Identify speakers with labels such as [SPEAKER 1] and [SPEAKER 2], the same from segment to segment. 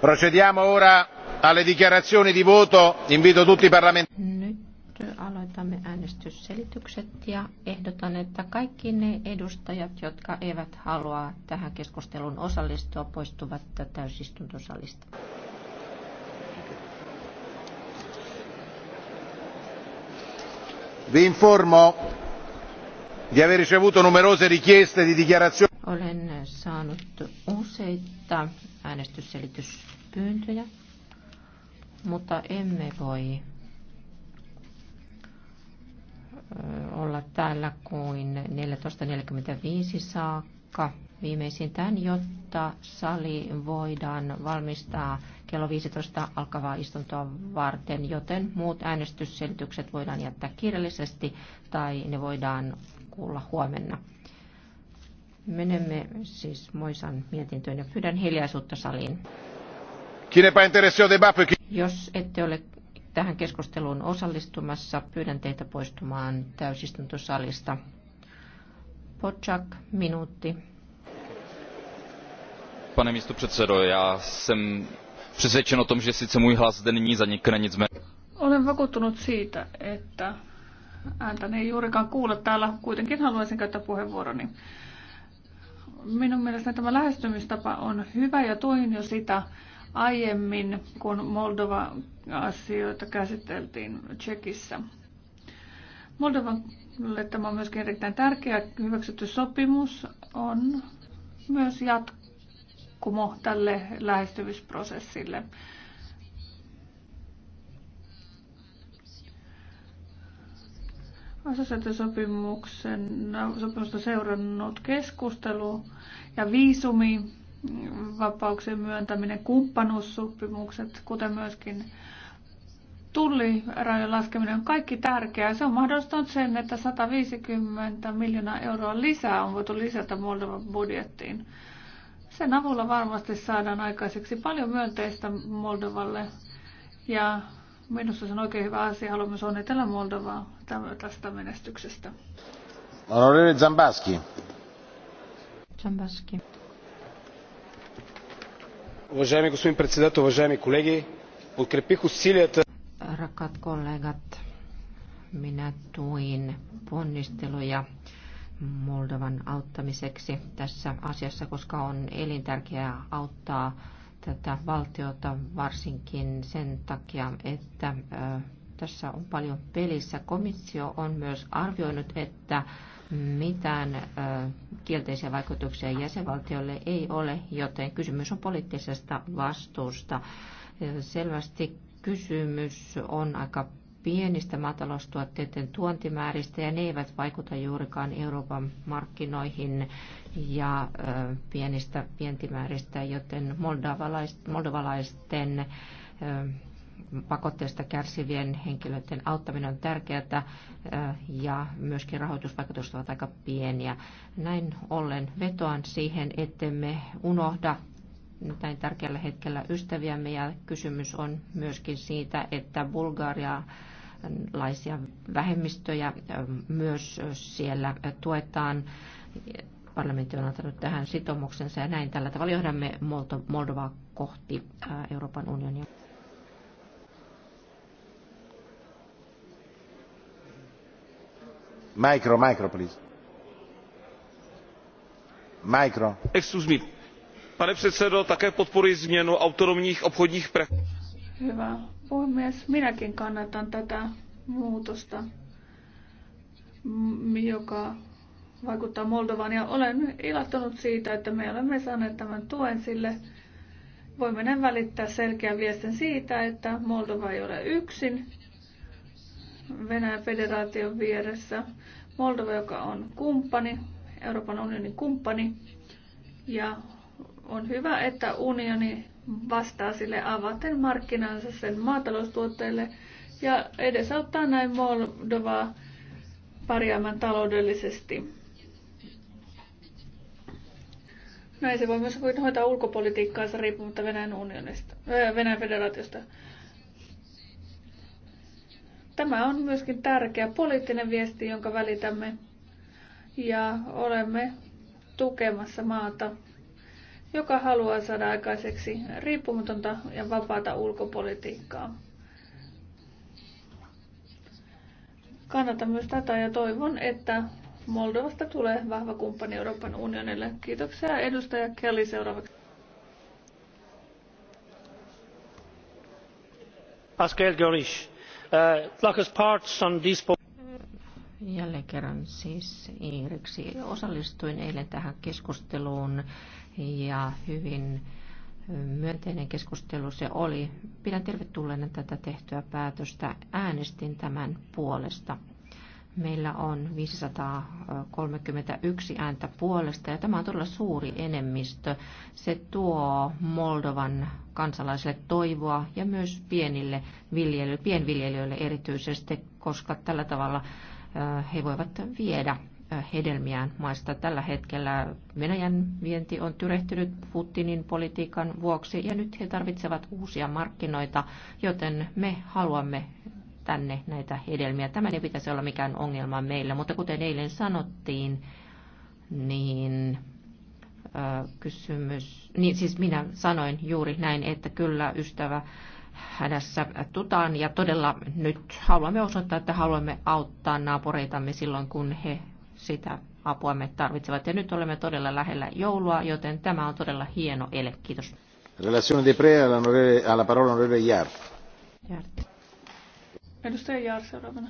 [SPEAKER 1] Procediamo ora alle dichiarazioni di voto. Invito tutti i parlamentari.
[SPEAKER 2] Nyt aloitamme äänestysselitykset ja ehdotan, että kaikki ne edustajat, jotka eivät halua tähän keskusteluun osallistua, poistuvat täysistuntosalista.
[SPEAKER 1] Vi informo di aver ricevuto numerose richieste di dichiarazione
[SPEAKER 2] olen saanut useita äänestysselityspyyntöjä, mutta emme voi olla täällä kuin 14.45 saakka viimeisintään, jotta sali voidaan valmistaa kello 15 alkavaa istuntoa varten, joten muut äänestysselitykset voidaan jättää kirjallisesti tai ne voidaan kuulla huomenna. Menemme siis Moisan mietintöön ja pyydän hiljaisuutta saliin. E Jos ette ole tähän keskusteluun osallistumassa, pyydän teitä poistumaan täysistuntosalista. Počak, minuutti.
[SPEAKER 3] Pane místo předsedo, já jsem přesvědčen o tom, že sice můj hlas zde nyní zanikne, nicméně...
[SPEAKER 2] Olen vakuuttunut
[SPEAKER 4] siitä, että ääntäni ei juurikaan kuule täällä. Kuitenkin haluaisin käyttää puheenvuoroni. Niin minun mielestäni tämä lähestymistapa on hyvä ja tuin jo sitä aiemmin, kun Moldova-asioita käsiteltiin Tsekissä. Moldovalle tämä on myöskin erittäin tärkeä hyväksytty sopimus, on myös jatkumo tälle lähestymisprosessille. assosiaatiosopimuksen sopimusta seurannut keskustelu ja viisumi, vapauksien myöntäminen, kumppanuussopimukset, kuten myöskin tullirajojen laskeminen on kaikki tärkeää. Se on mahdollistanut sen, että 150 miljoonaa euroa lisää on voitu lisätä Moldovan budjettiin. Sen avulla varmasti saadaan aikaiseksi paljon myönteistä Moldovalle ja minusta se on oikein hyvä asia. Haluan myös onnitella Moldovaa tästä menestyksestä.
[SPEAKER 1] Onorevole Zambaski. Zambaski. Уважаеми господин председател, уважаеми колеги, подкрепих усилията.
[SPEAKER 2] Rakat kollegat, minä tuin ponnisteluja Moldovan auttamiseksi tässä asiassa, koska on elintärkeää auttaa tätä valtiota varsinkin sen takia, että tässä on paljon pelissä. Komissio on myös arvioinut, että mitään kielteisiä vaikutuksia jäsenvaltiolle ei ole, joten kysymys on poliittisesta vastuusta. Selvästi kysymys on aika pienistä maataloustuotteiden tuontimääristä ja ne eivät vaikuta juurikaan Euroopan markkinoihin ja pienistä vientimääristä, joten moldovalaisten pakotteista kärsivien henkilöiden auttaminen on tärkeää ja myöskin rahoitusvaikutukset ovat aika pieniä. Näin ollen vetoan siihen, ettemme unohda näin tärkeällä hetkellä ystäviämme ja kysymys on myöskin siitä, että Bulgaria laisia vähemmistöjä myös siellä tuetaan parlamentti on antanut tähän sitoumuksensa ja näin tällä tavalla johdamme Moldovaa kohti Euroopan unionia.
[SPEAKER 1] Micro, micro, please. Micro. Excuse me. Pane předsedo, také podporuji změnu autonomních obchodních praktik.
[SPEAKER 4] Hyvä puhemies. Minäkin kannatan tätä muutosta, joka vaikuttaa Moldovaan. Ja olen ilahtunut siitä, että me olemme saaneet tämän tuen sille. Voimme näin välittää selkeän viestin siitä, että Moldova ei ole yksin Venäjän federaation vieressä. Moldova, joka on kumppani, Euroopan unionin kumppani. Ja on hyvä, että unioni vastaa sille avaten markkinansa sen maataloustuotteille ja edesauttaa näin Moldovaa pärjäämään taloudellisesti. Näin se voi myös hoitaa ulkopolitiikkaansa riippumatta Venäjän, unionista, Venäjän federaatiosta. Tämä on myöskin tärkeä poliittinen viesti, jonka välitämme ja olemme tukemassa maata, joka haluaa saada aikaiseksi riippumatonta ja vapaata ulkopolitiikkaa. Kannatan myös tätä ja toivon, että Moldovasta tulee vahva kumppani Euroopan unionille. Kiitoksia edustaja Kelly seuraavaksi.
[SPEAKER 2] Askel Görisch Uh, Jälleen kerran siis Iiriksi osallistuin eilen tähän keskusteluun ja hyvin myönteinen keskustelu se oli. Pidän tervetulleena tätä tehtyä päätöstä. Äänestin tämän puolesta. Meillä on 531 ääntä puolesta ja tämä on todella suuri enemmistö. Se tuo Moldovan kansalaisille toivoa ja myös pienille viljelijöille, pienviljelijöille erityisesti, koska tällä tavalla he voivat viedä hedelmiään maista. Tällä hetkellä Venäjän vienti on tyrehtynyt Putinin politiikan vuoksi ja nyt he tarvitsevat uusia markkinoita, joten me haluamme tänne näitä hedelmiä. tämä ei pitäisi olla mikään ongelma meillä, mutta kuten eilen sanottiin, niin kysymys, niin siis minä sanoin juuri näin, että kyllä ystävä hädässä tutaan ja todella nyt haluamme osoittaa, että haluamme auttaa naapureitamme silloin, kun he sitä apua me tarvitsevat. Ja nyt olemme todella lähellä joulua, joten tämä on todella hieno ele. Kiitos.
[SPEAKER 1] Relazione di Prea alla, parola onorevole Iart.
[SPEAKER 2] Iart.
[SPEAKER 4] Edustaja Jaar seuraavana.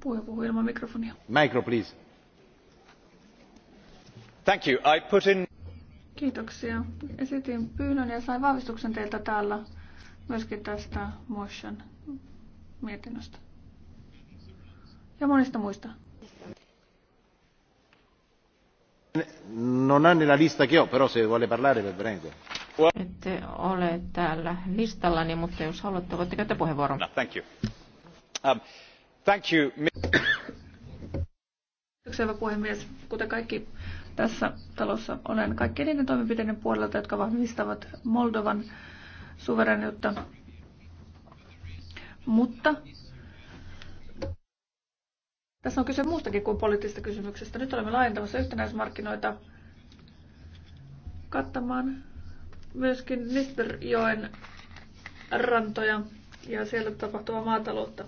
[SPEAKER 4] Puhe puhuu ilman mikrofonia.
[SPEAKER 1] Micro, please. Thank you. I put in...
[SPEAKER 4] Kiitoksia. Esitin pyynnön ja sain vahvistuksen teiltä täällä myöskin tästä Motion mietinnöstä. Ja monista muista.
[SPEAKER 1] Non
[SPEAKER 2] Ette ole täällä listallani, mutta jos haluatte, voitte käyttää puheenvuoron. No, thank you. Um, thank you.
[SPEAKER 4] puhemies. Kuten kaikki tässä talossa olen kaikkien niiden toimenpiteiden puolelta, jotka vahvistavat Moldovan suvereniutta. Mutta tässä on kyse muustakin kuin poliittisesta kysymyksistä. Nyt olemme laajentamassa yhtenäismarkkinoita kattamaan myöskin Nisterjoen rantoja ja siellä tapahtuvaa maataloutta.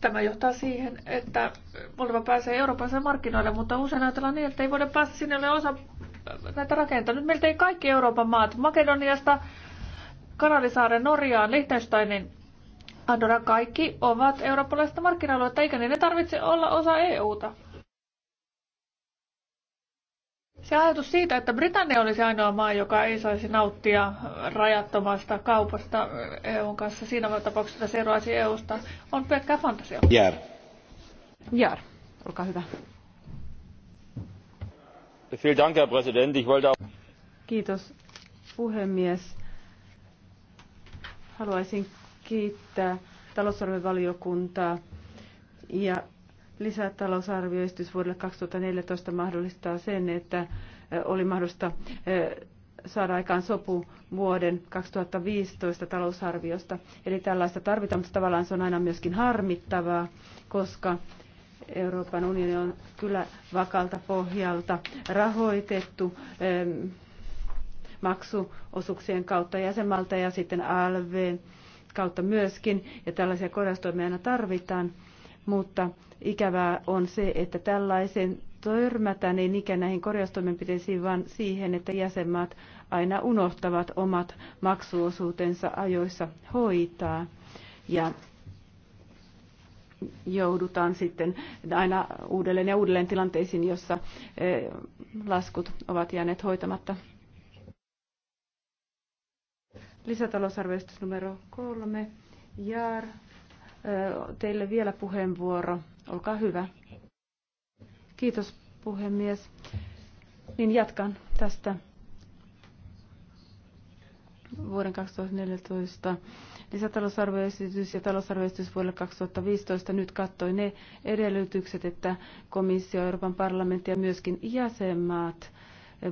[SPEAKER 4] Tämä johtaa siihen, että Moldova pääsee Euroopan markkinoille, mutta usein ajatellaan niin, että ei voida päästä sinne, osa näitä meiltä Miltei kaikki Euroopan maat, Makedoniasta, Kanarisaaren, Norjaan, Liechtensteinin, Andorra, kaikki ovat eurooppalaista markkina-aluetta, eikä niiden tarvitse olla osa EUta. Se ajatus siitä, että Britannia olisi ainoa maa, joka ei saisi nauttia rajattomasta kaupasta EUn kanssa siinä tapauksessa, että se eroaisi EUsta, on pelkkää fantasia.
[SPEAKER 5] Jär. Jär, olkaa hyvä kiitos puhemies. haluaisin kiittää talousarviovaliokuntaa ja lisätalousarvioesitys vuodelle 2014 mahdollistaa sen, että oli mahdollista saada aikaan sopu vuoden 2015 talousarviosta. Eli tällaista tarvitaan, mutta tavallaan se on aina myöskin harmittavaa, koska Euroopan unioni on kyllä vakalta pohjalta rahoitettu maksuosuuksien kautta jäsenmalta ja sitten ALV kautta myöskin, ja tällaisia korjaustoimia aina tarvitaan, mutta ikävää on se, että tällaisen törmätään niin ikään näihin korjaustoimenpiteisiin, vaan siihen, että jäsenmaat aina unohtavat omat maksuosuutensa ajoissa hoitaa. Ja joudutaan sitten aina uudelleen ja uudelleen tilanteisiin, jossa eh, laskut ovat jääneet hoitamatta. Lisätalousarvioistus numero kolme. Jaar, eh, teille vielä puheenvuoro. Olkaa hyvä. Kiitos puhemies. Niin jatkan tästä vuoden 2014 lisätalousarvioesitys ja talousarvioesitys vuodelle 2015 nyt kattoi ne edellytykset, että komissio, Euroopan parlamentti ja myöskin jäsenmaat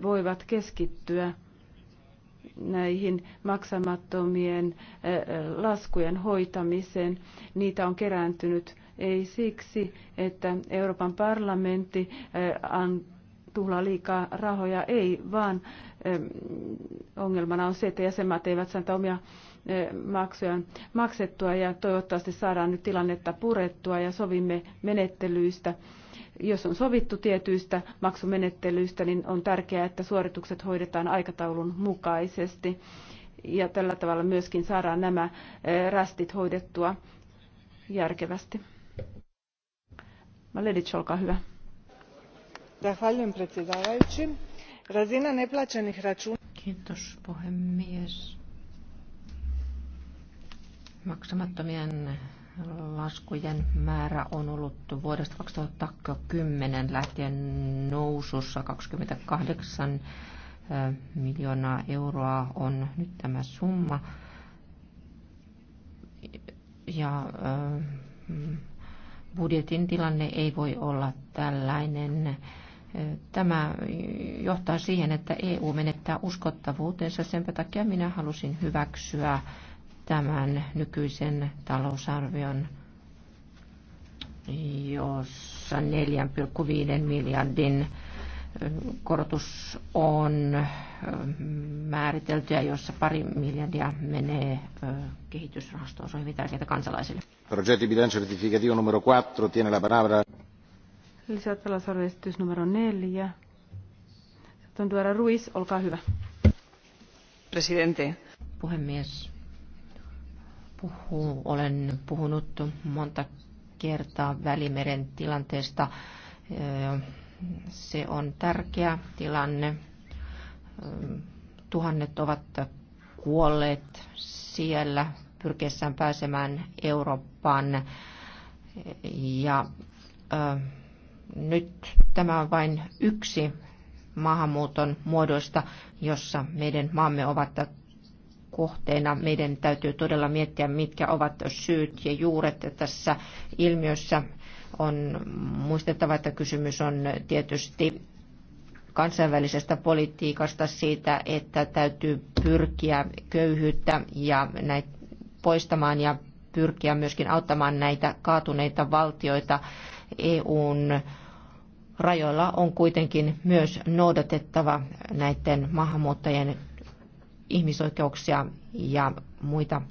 [SPEAKER 5] voivat keskittyä näihin maksamattomien eh, laskujen hoitamiseen. Niitä on kerääntynyt ei siksi, että Euroopan parlamentti eh, tuhlaa liikaa rahoja, ei, vaan eh, ongelmana on se, että jäsenmaat eivät saa omia maksuja maksettua ja toivottavasti saadaan nyt tilannetta purettua ja sovimme menettelyistä. Jos on sovittu tietyistä maksumenettelyistä, niin on tärkeää, että suoritukset hoidetaan aikataulun mukaisesti ja tällä tavalla myöskin saadaan nämä rästit hoidettua järkevästi. Maledic, olkaa hyvä.
[SPEAKER 2] Kiitos puhemies. Maksamattomien laskujen määrä on ollut vuodesta 2010 lähtien nousussa 28 miljoonaa euroa on nyt tämä summa. Ja budjetin tilanne ei voi olla tällainen. Tämä johtaa siihen, että EU menettää uskottavuutensa. Sen takia minä halusin hyväksyä tämän nykyisen talousarvion, jossa 4,5 miljardin korotus on määritelty ja jossa pari miljardia menee kehitysrahastoon. Se on hyvin tärkeää kansalaisille.
[SPEAKER 1] Progetti bilancio certificativo numero 4 tiene la palabra.
[SPEAKER 5] Lisätalousarvioesitys numero 4.
[SPEAKER 2] Tuntuara Ruiz, olkaa hyvä. Presidente. Puhemies puhuu, olen puhunut monta kertaa Välimeren tilanteesta. Öö, se on tärkeä tilanne. Öö, tuhannet ovat kuolleet siellä pyrkiessään pääsemään Eurooppaan. Ja äh, nyt tämä on vain yksi maahanmuuton muodoista, jossa meidän maamme ovat kohteena. Meidän täytyy todella miettiä, mitkä ovat syyt ja juuret tässä ilmiössä. On muistettava, että kysymys on tietysti kansainvälisestä politiikasta siitä, että täytyy pyrkiä köyhyyttä ja näitä poistamaan ja pyrkiä myöskin auttamaan näitä kaatuneita valtioita EUn rajoilla on kuitenkin myös noudatettava näiden maahanmuuttajien ihmisoikeuksia ja muita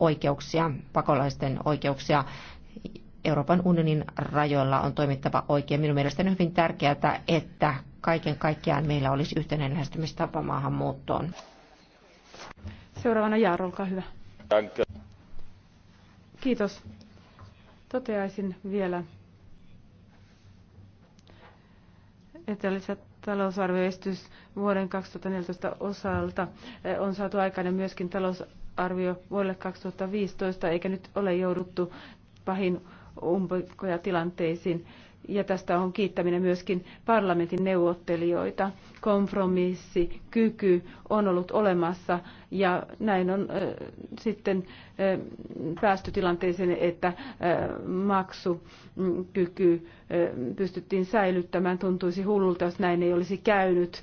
[SPEAKER 2] oikeuksia, pakolaisten oikeuksia. Euroopan unionin rajoilla on toimittava oikein. Minun mielestäni on hyvin tärkeää, että kaiken kaikkiaan meillä olisi yhteinen lähestymistapa maahanmuuttoon. Seuraavana Jaaro, olkaa hyvä. Kiitos.
[SPEAKER 5] Toteaisin vielä, että lisät talousarvioestys vuoden 2014 osalta eh, on saatu aikainen myöskin talousarvio vuodelle 2015, eikä nyt ole jouduttu pahin umpikoja tilanteisiin ja tästä on kiittäminen myöskin parlamentin neuvottelijoita. Kompromissi, kyky on ollut olemassa ja näin on äh, sitten äh, päästy tilanteeseen, että äh, maksukyky äh, pystyttiin säilyttämään. Tuntuisi hullulta, jos näin ei olisi käynyt. Äh,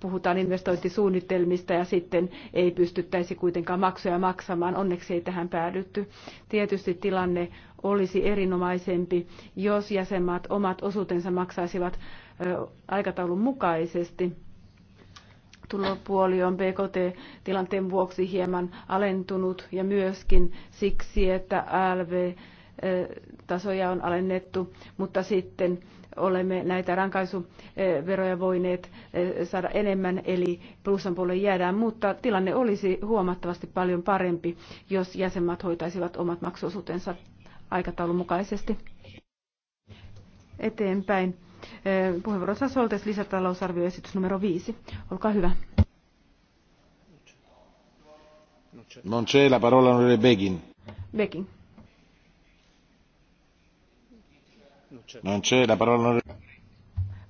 [SPEAKER 5] puhutaan investointisuunnitelmista ja sitten ei pystyttäisi kuitenkaan maksuja maksamaan. Onneksi ei tähän päädytty. Tietysti tilanne olisi erinomaisempi, jos jäsenmaat omat osuutensa maksaisivat aikataulun mukaisesti. Tulopuoli on BKT-tilanteen vuoksi hieman alentunut ja myöskin siksi, että ALV tasoja on alennettu, mutta sitten olemme näitä rankaisuveroja voineet saada enemmän, eli plussan puolelle jäädään, mutta tilanne olisi huomattavasti paljon parempi, jos jäsenmaat hoitaisivat omat maksuosuutensa aikataulun mukaisesti. Eteenpäin. Eh, Puheenvuorossa Soltes lisätalousarvioesitys numero 5. Olkaa hyvä.
[SPEAKER 1] Non c'è la parola onorevole Begin. Begin. Non c'è la parola onorevole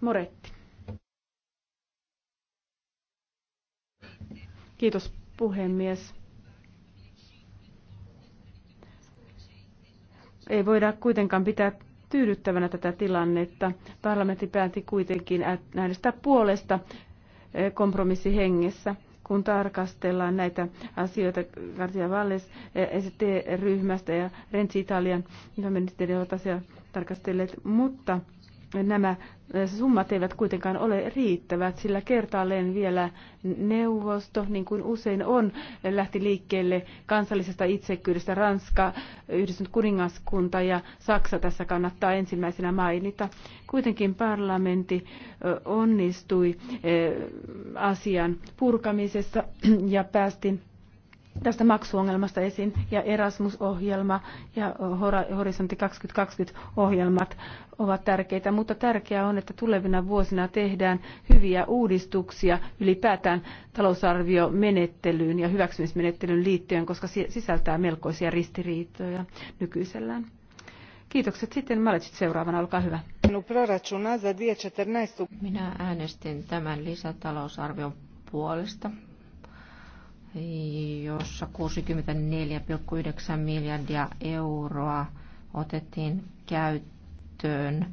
[SPEAKER 5] Moretti. Kiitos puhemies. Ei voida kuitenkaan pitää tyydyttävänä tätä tilannetta. Parlamentti päätti kuitenkin äänestää puolesta kompromissihengessä kun tarkastellaan näitä asioita Garcia Valles ST-ryhmästä ja Renzi Italian pääministeri ovat asiaa tarkastelleet, mutta nämä summat eivät kuitenkaan ole riittävät, sillä kertaalleen vielä neuvosto, niin kuin usein on, lähti liikkeelle kansallisesta itsekyydestä. Ranska, Yhdistynyt kuningaskunta ja Saksa tässä kannattaa ensimmäisenä mainita. Kuitenkin parlamentti onnistui asian purkamisessa ja päästiin tästä maksuongelmasta esiin ja Erasmus-ohjelma ja Horisontti 2020-ohjelmat ovat tärkeitä, mutta tärkeää on, että tulevina vuosina tehdään hyviä uudistuksia ylipäätään talousarviomenettelyyn ja hyväksymismenettelyyn liittyen, koska se sisältää melkoisia ristiriitoja nykyisellään. Kiitokset sitten Maletsit seuraavana, olkaa hyvä.
[SPEAKER 2] Minä äänestin tämän lisätalousarvion puolesta jossa 64,9 miljardia euroa otettiin käyttöön,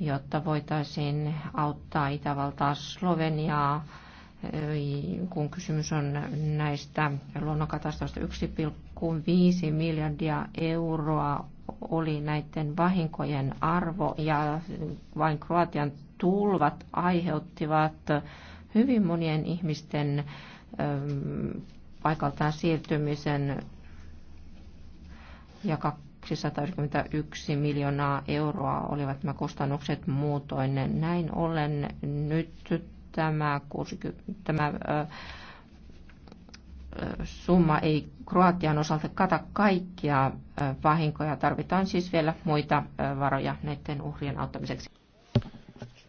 [SPEAKER 2] jotta voitaisiin auttaa Itävaltaa Sloveniaa, eh, kun kysymys on näistä luonnonkatastrofista 1,5 miljardia euroa oli näiden vahinkojen arvo ja vain Kroatian tulvat aiheuttivat hyvin monien ihmisten paikaltaan siirtymisen ja 291 miljoonaa euroa olivat nämä kustannukset muutoin. Näin ollen nyt tämä, 60, tämä summa ei Kroatian osalta kata kaikkia vahinkoja. Tarvitaan siis vielä muita varoja näiden uhrien auttamiseksi.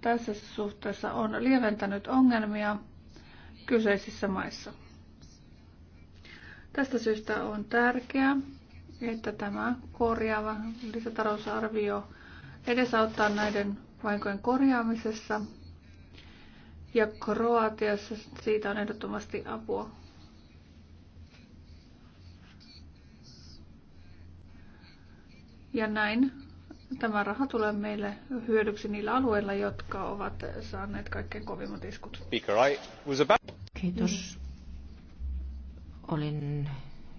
[SPEAKER 4] tässä suhteessa on lieventänyt ongelmia kyseisissä maissa. Tästä syystä on tärkeää, että tämä korjaava lisätalousarvio edesauttaa näiden vaikojen korjaamisessa. Ja Kroatiassa siitä on ehdottomasti apua. Ja näin Tämä raha tulee meille hyödyksi niillä alueilla, jotka ovat saaneet kaikkein kovimmat iskut.
[SPEAKER 2] Kiitos. Mm. Olin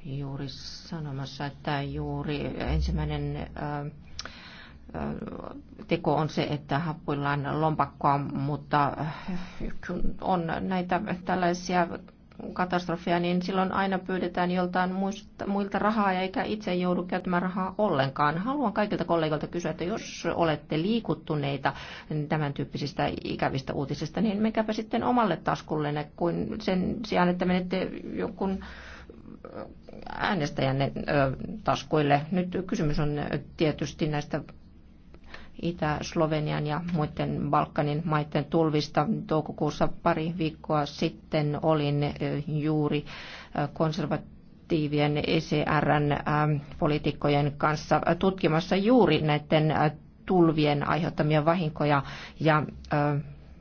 [SPEAKER 2] juuri sanomassa, että juuri ensimmäinen äh, äh, teko on se, että happuillaan lompakkoa, mutta äh, kun on näitä tällaisia katastrofia, niin silloin aina pyydetään joltain muista, muilta rahaa ja eikä itse joudu käyttämään rahaa ollenkaan. Haluan kaikilta kollegoilta kysyä, että jos olette liikuttuneita tämän tyyppisistä ikävistä uutisista, niin menkääpä sitten omalle taskullenne kuin sen sijaan, että menette jonkun äänestäjänne taskuille. Nyt kysymys on tietysti näistä Itä-Slovenian ja muiden Balkanin maiden tulvista. Toukokuussa pari viikkoa sitten olin juuri konservatiivien ecr poliitikkojen kanssa tutkimassa juuri näiden tulvien aiheuttamia vahinkoja ja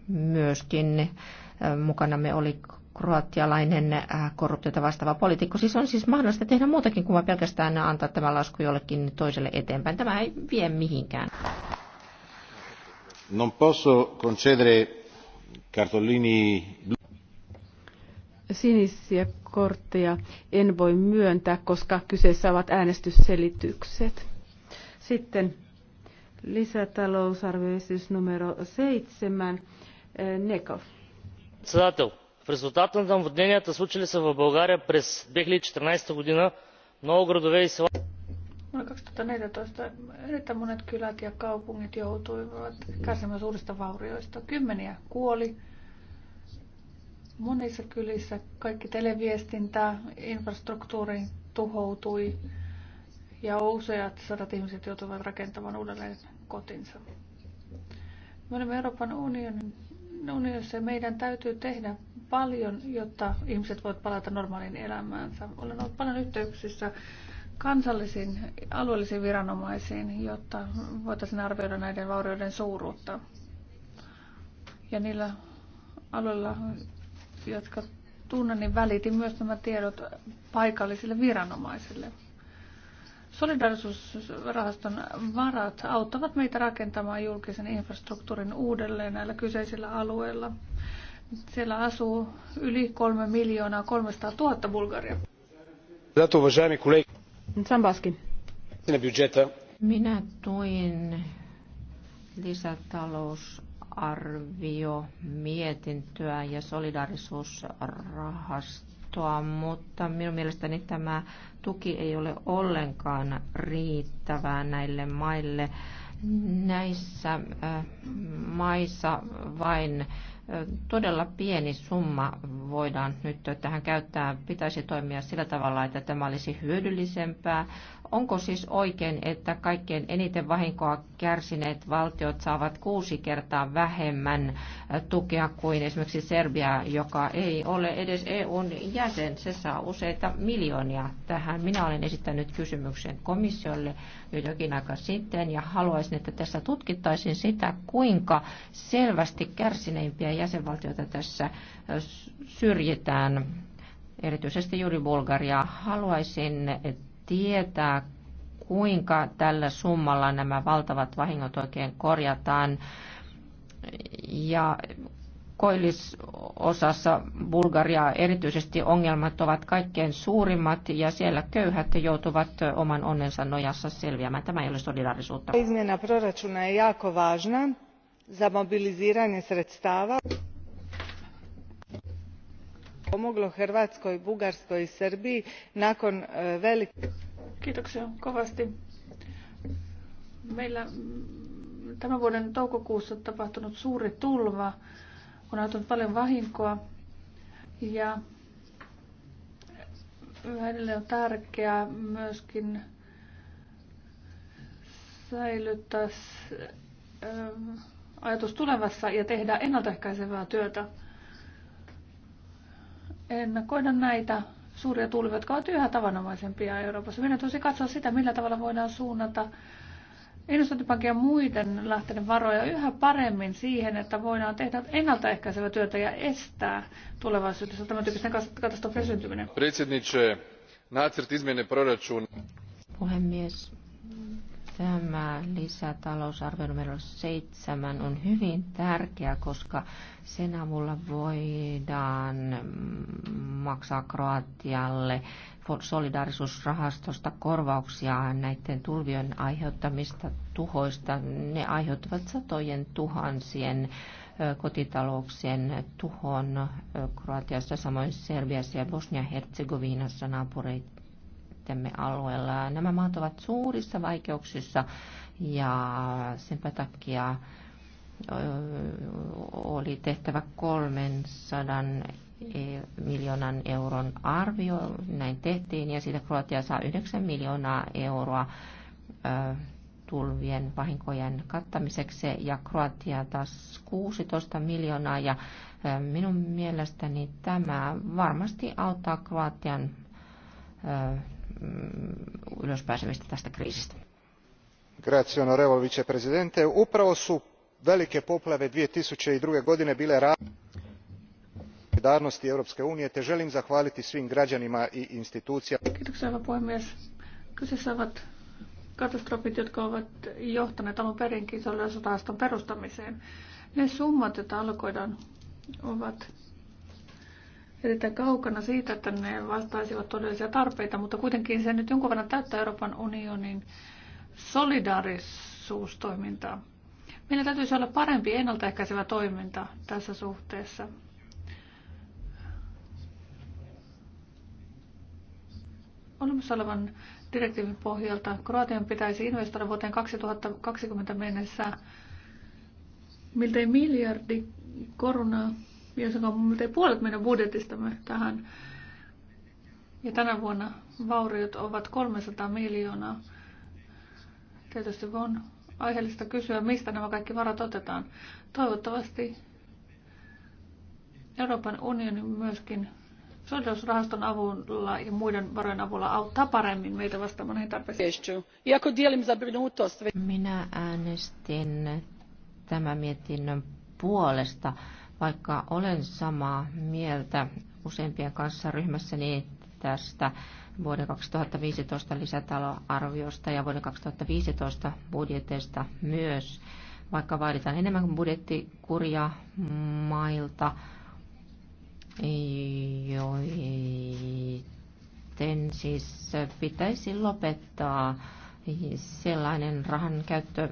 [SPEAKER 2] myöskin mukana me oli kroatialainen korruptiota vastaava poliitikko. Siis on siis mahdollista tehdä muutakin kuin pelkästään antaa tämä lasku jollekin toiselle eteenpäin. Tämä ei vie mihinkään
[SPEAKER 1] non posso concedere cartellini blu.
[SPEAKER 2] Sinisiä kortteja
[SPEAKER 5] en voi myöntää, koska kyseessä ovat äänestysselitykset. Sitten lisätalousarvioesitys numero 7.
[SPEAKER 3] Неков. Eh, Председател, в резултат на наводненията случили се в България през
[SPEAKER 1] 2014 година много градове и села
[SPEAKER 4] Vuonna 2014 erittäin monet kylät ja kaupungit joutuivat kärsimään suurista vaurioista. Kymmeniä kuoli. Monissa kylissä kaikki televiestintä, infrastruktuuri tuhoutui ja useat sadat ihmiset joutuivat rakentamaan uudelleen kotinsa. Me olemme Euroopan unionin unionissa meidän täytyy tehdä paljon, jotta ihmiset voivat palata normaaliin elämäänsä. Olen ollut paljon yhteyksissä kansallisiin alueellisiin viranomaisiin, jotta voitaisiin arvioida näiden vaurioiden suuruutta. Ja niillä alueilla, jotka tunnen, niin välitin myös nämä tiedot paikallisille viranomaisille. Solidarisuusrahaston varat auttavat meitä rakentamaan julkisen infrastruktuurin uudelleen näillä kyseisillä alueilla. Siellä asuu yli 3 miljoonaa 300 000 Bulgaria.
[SPEAKER 2] Minä tuin lisätalousarvio mietintöä ja solidarisuusrahastoa, mutta minun mielestäni tämä tuki ei ole ollenkaan riittävää näille maille. Näissä äh, maissa vain todella pieni summa voidaan nyt tähän käyttää. Pitäisi toimia sillä tavalla, että tämä olisi hyödyllisempää Onko siis oikein, että kaikkein eniten vahinkoa kärsineet valtiot saavat kuusi kertaa vähemmän äh, tukea kuin esimerkiksi Serbia, joka ei ole edes EUn jäsen? Se saa useita miljoonia tähän. Minä olen esittänyt kysymyksen komissiolle jo jokin aika sitten ja haluaisin, että tässä tutkittaisiin sitä, kuinka selvästi kärsineimpiä jäsenvaltioita tässä äh, syrjitään erityisesti juuri Bulgariaa. Haluaisin, että tietää, kuinka tällä summalla nämä valtavat vahingot oikein korjataan. Ja koillisosassa Bulgaria erityisesti ongelmat ovat kaikkein suurimmat ja siellä köyhät joutuvat oman onnensa nojassa selviämään. Tämä ei ole solidaarisuutta.
[SPEAKER 4] Izmjena proračuna je jako važna za mobiliziranje sredstava pomoglo Hrvatskoj, Bugarskoj ja Srbiji nakon e, Kiitoksia kovasti. Meillä mm, tämän vuoden toukokuussa tapahtunut suuri tulva on aiheuttanut paljon vahinkoa ja meille on tärkeää myöskin säilyttää ajatus tulevassa ja tehdä ennaltaehkäisevää työtä ennakoida näitä suuria tulvia, jotka ovat yhä tavanomaisempia Euroopassa. Meidän tosi katsoa sitä, millä tavalla voidaan suunnata investointipankin ja muiden lähteiden varoja yhä paremmin siihen, että voidaan tehdä ennaltaehkäisevä työtä ja estää tulevaisuudessa tämän tyyppisten katastrofien syntyminen.
[SPEAKER 2] Puhemies, Tämä lisätalousarvio numero seitsemän on hyvin tärkeä, koska sen avulla voidaan maksaa Kroatialle solidaarisuusrahastosta korvauksia näiden tulvien aiheuttamista tuhoista. Ne aiheuttavat satojen tuhansien kotitalouksien tuhon Kroatiassa, samoin Serbiassa ja Bosnia-Herzegovinassa naapureita maittemme alueella. Nämä maat ovat suurissa vaikeuksissa ja sen takia oli tehtävä 300 e, miljoonan euron arvio, näin tehtiin, ja siitä Kroatia saa 9 miljoonaa euroa tulvien vahinkojen kattamiseksi, ja Kroatia taas 16 miljoonaa, ja minun mielestäni tämä varmasti auttaa Kroatian Mm, ylöspääsemistä tästä kriisistä.
[SPEAKER 1] arvoisa puhemies velike poplave. two thousand and godine bile razlog solidarnosti europske unije te elim zahvaliti svim graanima i institucijama.
[SPEAKER 4] kyseessä ovat katastrofit jotka ovat johtaneet alun perinkin solidaarisuusrahaston perustamiseen. ne summat joita allokoidaan ovat erittäin kaukana siitä, että ne vastaisivat todellisia tarpeita, mutta kuitenkin se nyt jonkun verran täyttää Euroopan unionin solidaarisuustoimintaa. Meillä täytyisi olla parempi ennaltaehkäisevä toiminta tässä suhteessa. Olemassa olevan direktiivin pohjalta Kroatian pitäisi investoida vuoteen 2020 mennessä miltei miljardi korunaa jos on miltei puolet meidän budjetistamme tähän. Ja tänä vuonna vauriot ovat 300 miljoonaa. Tietysti on aiheellista kysyä, mistä nämä kaikki varat otetaan. Toivottavasti Euroopan unioni myöskin solidarisuusrahaston avulla ja muiden varojen avulla auttaa paremmin meitä vastaamaan näihin tarpeisiin.
[SPEAKER 2] Minä äänestin tämän mietinnön puolesta vaikka olen samaa mieltä useimpien kanssa ryhmässäni tästä vuoden 2015 lisätaloarviosta ja vuoden 2015 budjeteista myös, vaikka vaaditaan enemmän budjettikuria mailta, joiden siis pitäisi lopettaa sellainen rahan käyttö,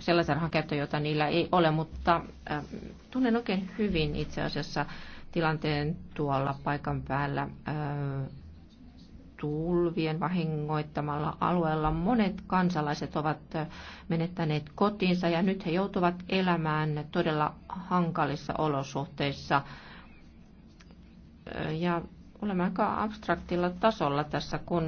[SPEAKER 2] sellaisen rahan käyttö, jota niillä ei ole, mutta ähm, tunnen oikein hyvin itse asiassa tilanteen tuolla paikan päällä äh, tulvien vahingoittamalla alueella. Monet kansalaiset ovat äh, menettäneet kotinsa ja nyt he joutuvat elämään todella hankalissa olosuhteissa. Äh, ja olemme aika abstraktilla tasolla tässä, kun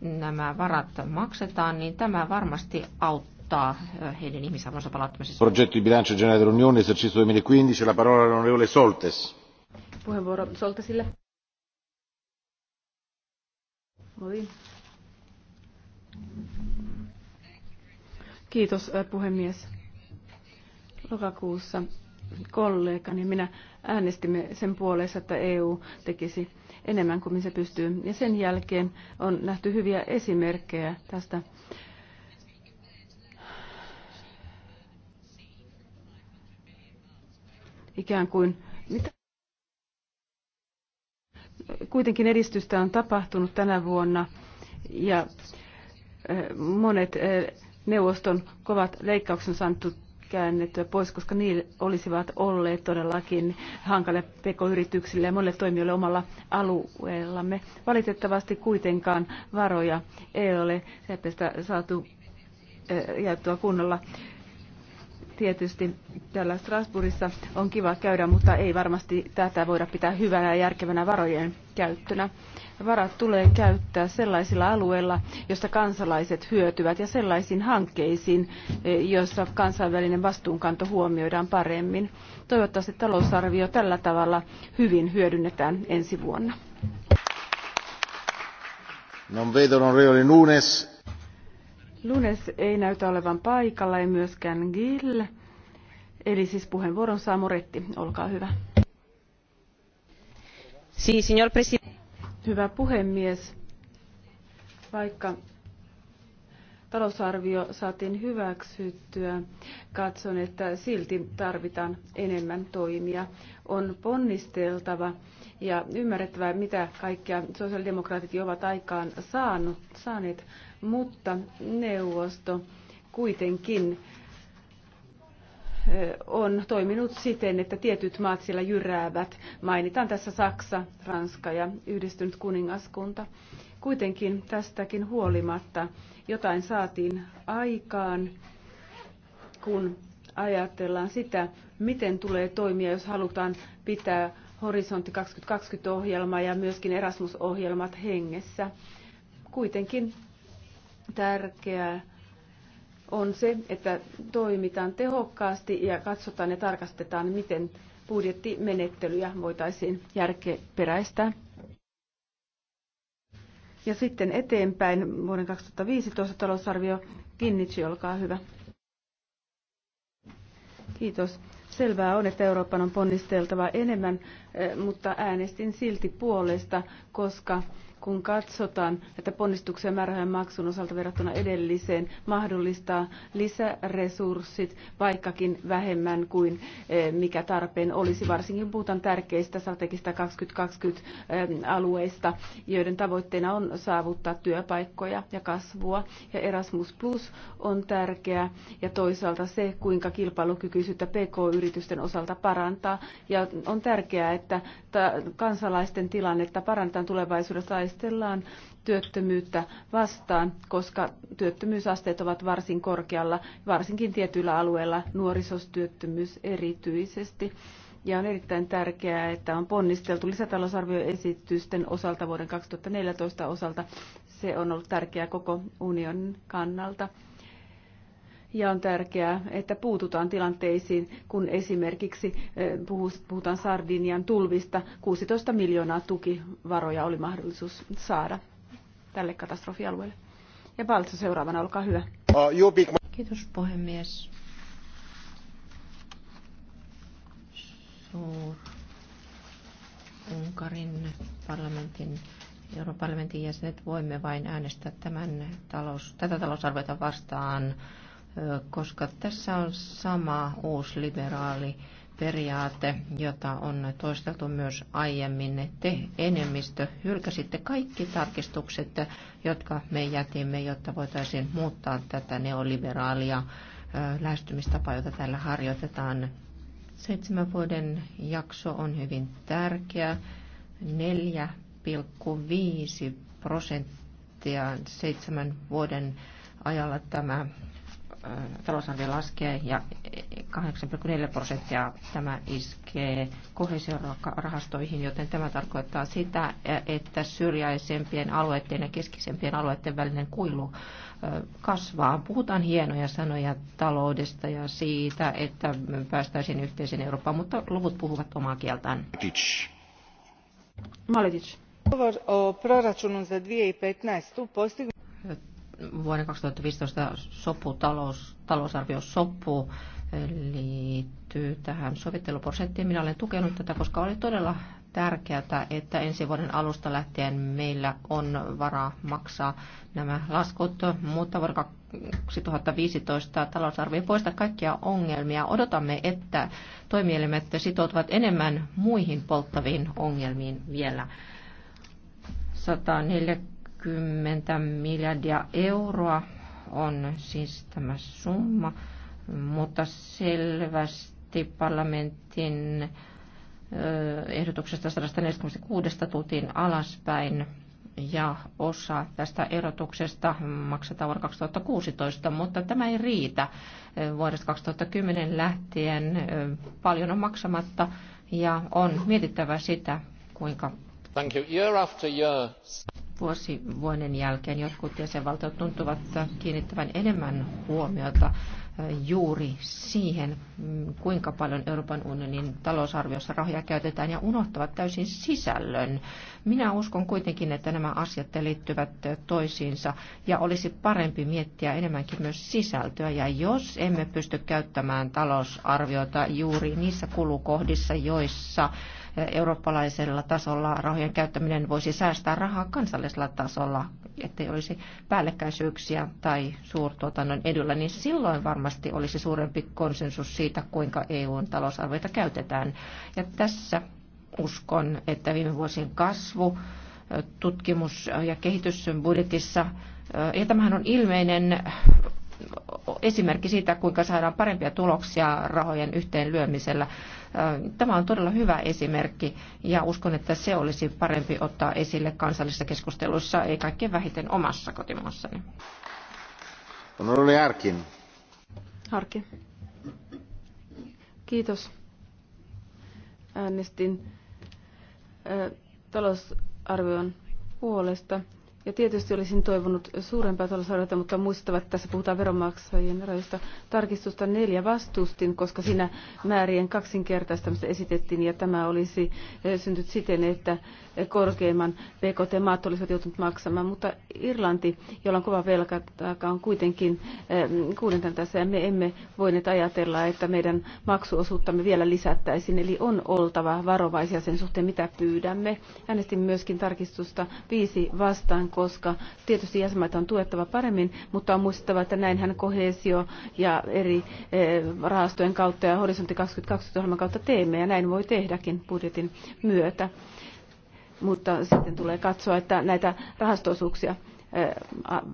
[SPEAKER 2] nämä varat maksetaan, niin tämä varmasti auttaa heidän ihmisarvonsa palauttamisessa.
[SPEAKER 1] Progetto di bilancio generale dell'Unione, esercizio 2015, la parola all'onorevole Soltes.
[SPEAKER 5] Puheenvuoro Soltesille. Kiitos puhemies. Lokakuussa kollegani minä äänestimme sen puolesta, että EU tekisi enemmän kuin se pystyy. Ja sen jälkeen on nähty hyviä esimerkkejä tästä. Ikään kuin mitä kuitenkin edistystä on tapahtunut tänä vuonna ja eh, monet eh, neuvoston kovat leikkauksen saanut käännettyä pois, koska niille olisivat olleet todellakin hankalle pekoyrityksille ja monille toimijoille omalla alueellamme. Valitettavasti kuitenkaan varoja ei ole saatu eh, jaettua kunnolla tietysti täällä Strasbourgissa on kiva käydä, mutta ei varmasti tätä voida pitää hyvänä ja järkevänä varojen käyttönä. Varat tulee käyttää sellaisilla alueilla, joista kansalaiset hyötyvät ja sellaisiin hankkeisiin, eh, joissa kansainvälinen vastuunkanto huomioidaan paremmin. Toivottavasti talousarvio tällä tavalla hyvin hyödynnetään ensi vuonna. Non vedo, Lunes ei näytä olevan paikalla, ei myöskään Gill. Eli siis puheenvuoron saa Moretti. Olkaa hyvä. Si, signor Hyvä puhemies. Vaikka talousarvio saatiin hyväksyttyä, katson, että silti tarvitaan enemmän toimia. On ponnisteltava ja ymmärrettävä, mitä kaikkia sosiaalidemokraatit ovat aikaan saanut, saaneet mutta neuvosto kuitenkin on toiminut siten, että tietyt maat siellä jyräävät. Mainitaan tässä Saksa, Ranska ja yhdistynyt kuningaskunta. Kuitenkin tästäkin huolimatta jotain saatiin aikaan, kun ajatellaan sitä, miten tulee toimia, jos halutaan pitää Horisontti 2020-ohjelma ja myöskin Erasmus-ohjelmat hengessä. Kuitenkin Tärkeää on se, että toimitaan tehokkaasti ja katsotaan ja tarkastetaan, miten budjettimenettelyjä voitaisiin järkeperäistää. Ja sitten eteenpäin vuoden 2015 talousarvio. Kinnitsi, olkaa hyvä. Kiitos. Selvää on, että Euroopan on ponnisteltava enemmän, eh, mutta äänestin silti puolesta, koska kun katsotaan, että ponnistuksia määrärahojen maksun osalta verrattuna edelliseen mahdollistaa lisäresurssit, vaikkakin vähemmän kuin eh, mikä tarpeen olisi. Varsinkin puhutaan tärkeistä strategista 2020-alueista, eh, joiden tavoitteena on saavuttaa työpaikkoja ja kasvua. Ja Erasmus Plus on tärkeä ja toisaalta se, kuinka kilpailukykyisyyttä PK-yritysten osalta parantaa. Ja on tärkeää, että kansalaisten tilannetta parantaa tulevaisuudessa taistellaan työttömyyttä vastaan, koska työttömyysasteet ovat varsin korkealla, varsinkin tietyillä alueilla nuorisostyöttömyys erityisesti. Ja on erittäin tärkeää, että on ponnisteltu lisätalousarvioesitysten osalta vuoden 2014 osalta. Se on ollut tärkeää koko unionin kannalta ja on tärkeää, että puututaan tilanteisiin, kun esimerkiksi eh, puhutaan Sardinian tulvista. 16 miljoonaa tukivaroja oli mahdollisuus saada tälle katastrofialueelle. Ja Valtso seuraavana, olkaa hyvä. Kiitos puhemies.
[SPEAKER 2] Suur Unkarin parlamentin Euroopan parlamentin jäsenet voimme vain äänestää tämän talous, tätä talousarviota vastaan koska tässä on sama uusliberaali periaate, jota on toisteltu myös aiemmin. Te enemmistö hylkäsitte kaikki tarkistukset, jotka me jätimme, jotta voitaisiin muuttaa tätä neoliberaalia lähestymistapaa, jota täällä harjoitetaan. Seitsemän vuoden jakso on hyvin tärkeä. 4,5 prosenttia seitsemän vuoden ajalla tämä talousarvio laskee ja 8,4 prosenttia tämä iskee kohesiorahastoihin, joten tämä tarkoittaa sitä, että syrjäisempien alueiden ja keskisempien alueiden välinen kuilu kasvaa. Puhutaan hienoja sanoja taloudesta ja siitä, että päästäisiin yhteiseen Eurooppaan, mutta luvut puhuvat omaa kieltään. Malitic. Malitic vuoden 2015 sopu, talous, talousarvio sopu eh, liittyy tähän sovitteluprosenttiin. Minä olen tukenut tätä, koska oli todella tärkeää, että ensi vuoden alusta lähtien meillä on varaa maksaa nämä laskut, mutta vuoden 2015 talousarvio poista kaikkia ongelmia. Odotamme, että toimielimet sitoutuvat enemmän muihin polttaviin ongelmiin vielä. 140 20 miljardia euroa on siis tämä summa, mutta selvästi parlamentin ehdotuksesta 146 tultiin alaspäin ja osa tästä erotuksesta maksetaan vuonna 2016, mutta tämä ei riitä. Vuodesta 2010 lähtien paljon on maksamatta ja on mietittävä sitä, kuinka Thank you. Year after year vuosi vuoden jälkeen jotkut jäsenvaltiot tuntuvat kiinnittävän enemmän huomiota juuri siihen, mm, kuinka paljon Euroopan unionin talousarviossa rahoja käytetään ja unohtavat täysin sisällön. Minä uskon kuitenkin, että nämä asiat liittyvät toisiinsa ja olisi parempi miettiä enemmänkin myös sisältöä. Ja jos emme pysty käyttämään talousarviota juuri niissä kulukohdissa, joissa eurooppalaisella tasolla rahojen käyttäminen voisi säästää rahaa kansallisella tasolla, ettei olisi päällekkäisyyksiä tai suurtuotannon edulla, niin silloin varmasti olisi suurempi konsensus siitä, kuinka EUn talousarvoita käytetään. Ja tässä uskon, että viime vuosien kasvu tutkimus- ja kehitysbudjetissa, ja tämähän on ilmeinen esimerkki siitä, kuinka saadaan parempia tuloksia rahojen yhteen lyömisellä. Tämä on todella hyvä esimerkki ja uskon, että se olisi parempi ottaa esille kansallisissa keskusteluissa, ei kaikkein vähiten omassa kotimaassani.
[SPEAKER 1] Honorable Arkin.
[SPEAKER 5] Harkin. Kiitos. Äänestin äh, talousarvion puolesta ja tietysti olisin toivonut suurempaa talousarviota, mutta muistavat, että tässä puhutaan veronmaksajien rajoista. Tarkistusta neljä vastustin, koska siinä määrien kaksinkertaistamista esitettiin ja tämä olisi eh, syntynyt siten, että korkeimman bkt maat olisivat joutuneet maksamaan, mutta Irlanti, jolla on kova velka, on kuitenkin eh, kuudentena tässä ja me emme voineet ajatella, että meidän maksuosuuttamme vielä lisättäisiin, eli on oltava varovaisia sen suhteen, mitä pyydämme. Äänestin myöskin tarkistusta viisi vastaan, koska tietysti jäsenmaita on tuettava paremmin, mutta on muistettava, että näinhän kohesio ja eri eh, rahastojen kautta ja horisontti 2020 ohjelman kautta teemme ja näin voi tehdäkin budjetin myötä mutta sitten tulee katsoa, että näitä rahastoisuuksia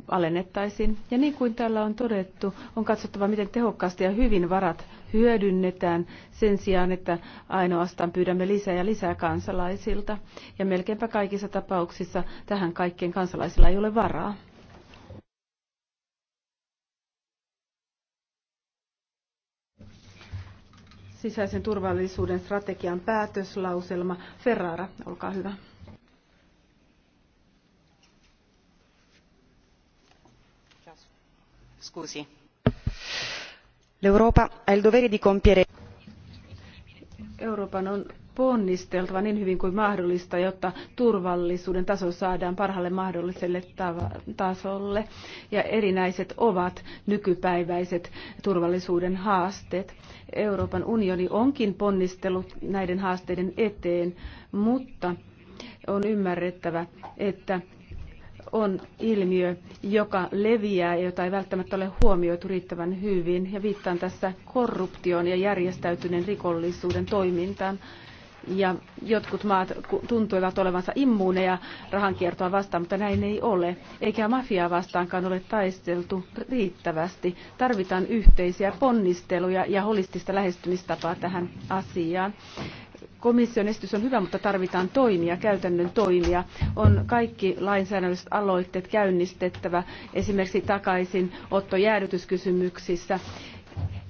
[SPEAKER 5] alennettaisiin. Ja niin kuin täällä on todettu, on katsottava, miten tehokkaasti ja hyvin varat hyödynnetään sen sijaan, että ainoastaan pyydämme lisää ja lisää kansalaisilta. Ja melkeinpä kaikissa tapauksissa tähän kaikkien kansalaisilla ei ole varaa. Sisäisen turvallisuuden strategian päätöslauselma. Ferrara, olkaa hyvä. l'europa euroopan on ponnisteltava niin hyvin kuin mahdollista jotta turvallisuuden taso saadaan parhaalle mahdolliselle tasolle ja erinäiset ovat nykypäiväiset turvallisuuden haasteet. euroopan unioni onkin ponnistellut näiden haasteiden eteen mutta on ymmärrettävä että on ilmiö, joka leviää ja jota ei välttämättä ole huomioitu riittävän hyvin. Ja viittaan tässä korruptioon ja järjestäytyneen rikollisuuden toimintaan. Ja jotkut maat tuntuivat olevansa immuuneja rahankiertoa vastaan, mutta näin ei ole. Eikä mafiaa vastaankaan ole taisteltu riittävästi. Tarvitaan yhteisiä ponnisteluja ja holistista lähestymistapaa tähän asiaan. Komission esitys on hyvä, mutta tarvitaan toimia, käytännön toimia. On kaikki lainsäädännölliset aloitteet käynnistettävä, esimerkiksi takaisin ottojäädytyskysymyksissä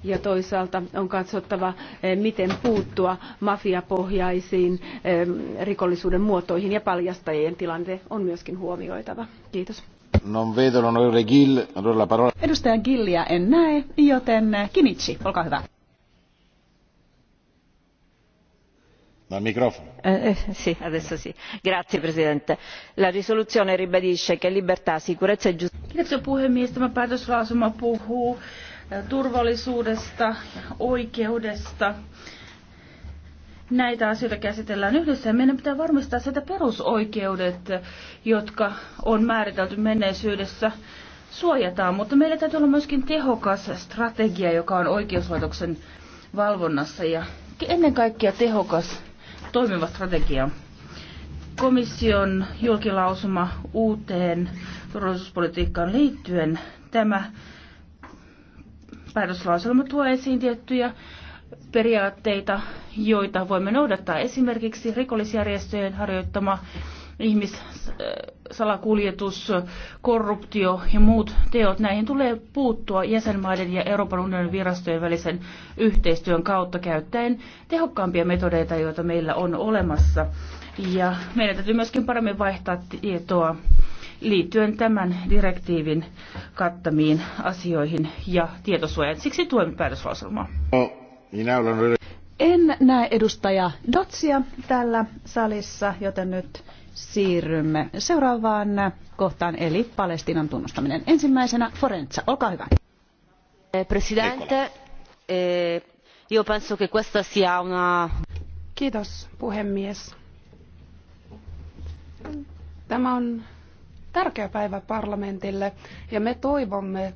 [SPEAKER 5] ja toisaalta on katsottava, eh, miten puuttua mafiapohjaisiin eh, rikollisuuden muotoihin ja paljastajien tilanne on myöskin huomioitava. Kiitos.
[SPEAKER 1] Non vedo l'onorevole Gill, allora la parola.
[SPEAKER 6] Edustaja Gillia en näe, joten eh,
[SPEAKER 2] Kinitsi, olkaa hyvä. onorevoli eh, eh, colleghi la risoluzione ribadisce che libertà sicurezza e giustizia.
[SPEAKER 3] tämä päätöslauselma puhuu eh, turvallisuudesta oikeudesta. näitä asioita käsitellään yhdessä ja meidän pitää varmistaa että perusoikeudet jotka on määritelty menneisyydessä suojataan mutta meillä täytyy olla myöskin tehokas strategia joka on oikeuslaitoksen valvonnassa ja ennen kaikkea tehokas toimiva strategia. Komission julkilausuma uuteen turvallisuuspolitiikkaan liittyen tämä päätöslauselma tuo esiin tiettyjä periaatteita, joita voimme noudattaa. Esimerkiksi rikollisjärjestöjen harjoittama ihmissalakuljetus, korruptio ja muut teot. Näihin tulee puuttua jäsenmaiden ja Euroopan unionin virastojen välisen yhteistyön kautta käyttäen tehokkaampia metodeita, joita meillä on olemassa. Ja meidän täytyy myöskin paremmin vaihtaa tietoa liittyen tämän direktiivin kattamiin asioihin ja tietosuojaan. Siksi tuemme päätöslauselmaa.
[SPEAKER 6] No, en näe edustaja Dotsia täällä salissa, joten nyt siirrymme seuraavaan kohtaan, eli Palestinan tunnustaminen. Ensimmäisenä Forenza, olkaa hyvä. Eh, Presidente,
[SPEAKER 7] eh, io penso che questa sia una... Kiitos, puhemies. Tämä on tärkeä päivä parlamentille ja me toivomme,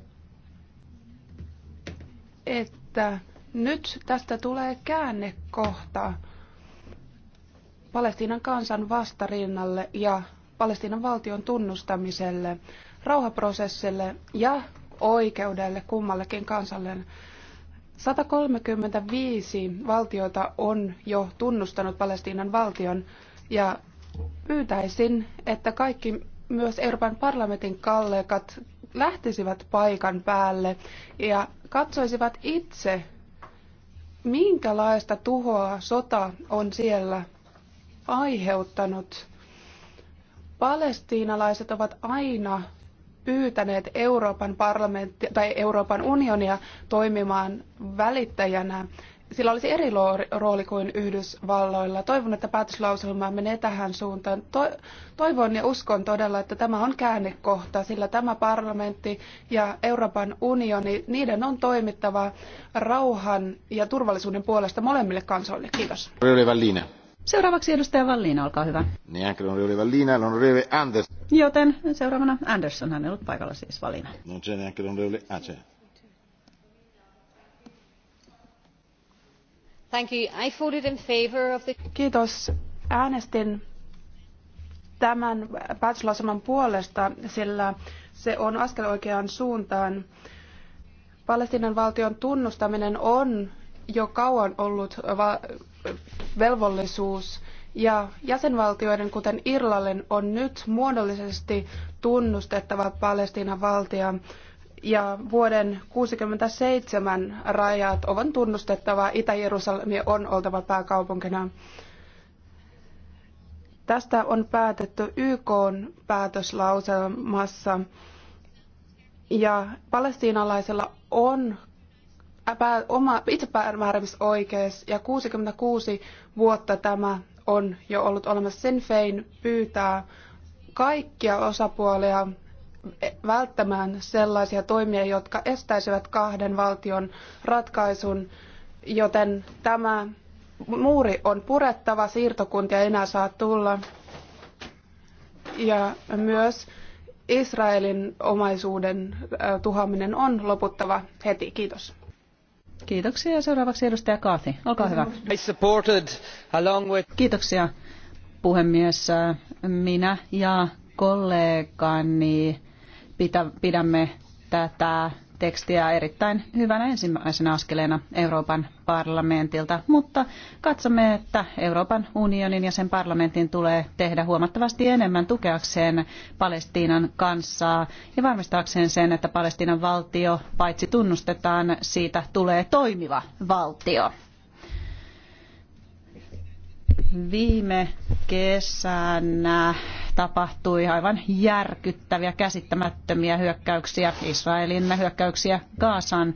[SPEAKER 7] että nyt tästä tulee käännekohta. kohta Palestiinan kansan vastarinnalle ja Palestiinan valtion tunnustamiselle, rauhaprosessille ja oikeudelle kummallekin kansalle. 135 valtiota on jo tunnustanut Palestiinan valtion ja pyytäisin, että kaikki myös Euroopan parlamentin kollegat lähtisivät paikan päälle ja katsoisivat itse, minkälaista tuhoa sota on siellä aiheuttanut. Palestiinalaiset ovat aina pyytäneet Euroopan parlamentti tai Euroopan unionia toimimaan välittäjänä. Sillä olisi eri rooli kuin Yhdysvalloilla. Toivon, että päätöslauselma menee tähän suuntaan. toivon ja uskon todella, että tämä on käännekohta, sillä tämä parlamentti ja Euroopan unioni, niiden on toimittava rauhan ja turvallisuuden puolesta molemmille kansoille. Kiitos. Seuraavaksi edustaja Valliina, olkaa hyvä.
[SPEAKER 1] Neanche l'onorevole Valliina, l'onorevole Anderson.
[SPEAKER 7] Joten seuraavana
[SPEAKER 6] Anderson, hän ei ollut paikalla siis Valliina.
[SPEAKER 1] Ah,
[SPEAKER 2] Thank you. I voted in favor of the... Kiitos.
[SPEAKER 7] Äänestin tämän päätöslauselman puolesta, sillä se on askel oikeaan suuntaan. Palestiinan valtion tunnustaminen on jo kauan ollut velvollisuus ja jäsenvaltioiden, kuten Irlannin, on nyt muodollisesti tunnustettava Palestiinan valtia ja vuoden 1967 rajat on tunnustettava. Itä-Jerusalemi on oltava pääkaupunkina. Tästä on päätetty YK päätöslauselmassa ja palestiinalaisilla on oma itsemääräämisoikeus ja 66 vuotta tämä on jo ollut olemassa. Sen Fein pyytää kaikkia osapuolia välttämään sellaisia toimia, jotka estäisivät kahden valtion ratkaisun, joten tämä muuri on purettava, siirtokuntia ei enää saa tulla. Ja myös Israelin omaisuuden äh, tuhoaminen on loputtava heti. Kiitos. Kiitoksia.
[SPEAKER 6] Seuraavaksi edustaja Kaafi.
[SPEAKER 7] Olkaa hyvä. Kiitoksia
[SPEAKER 6] puhemies. Minä ja kollegani pidämme tätä tekstiä erittäin hyvänä ensimmäisenä askeleena Euroopan parlamentilta, mutta katsomme, että Euroopan unionin ja sen parlamentin tulee tehdä huomattavasti enemmän tukeakseen Palestiinan kansaa ja varmistaakseen sen, että Palestiinan valtio paitsi tunnustetaan, siitä tulee toimiva valtio. Viime kesänä tapahtui aivan järkyttäviä, käsittämättömiä hyökkäyksiä, Israelin hyökkäyksiä Gaasan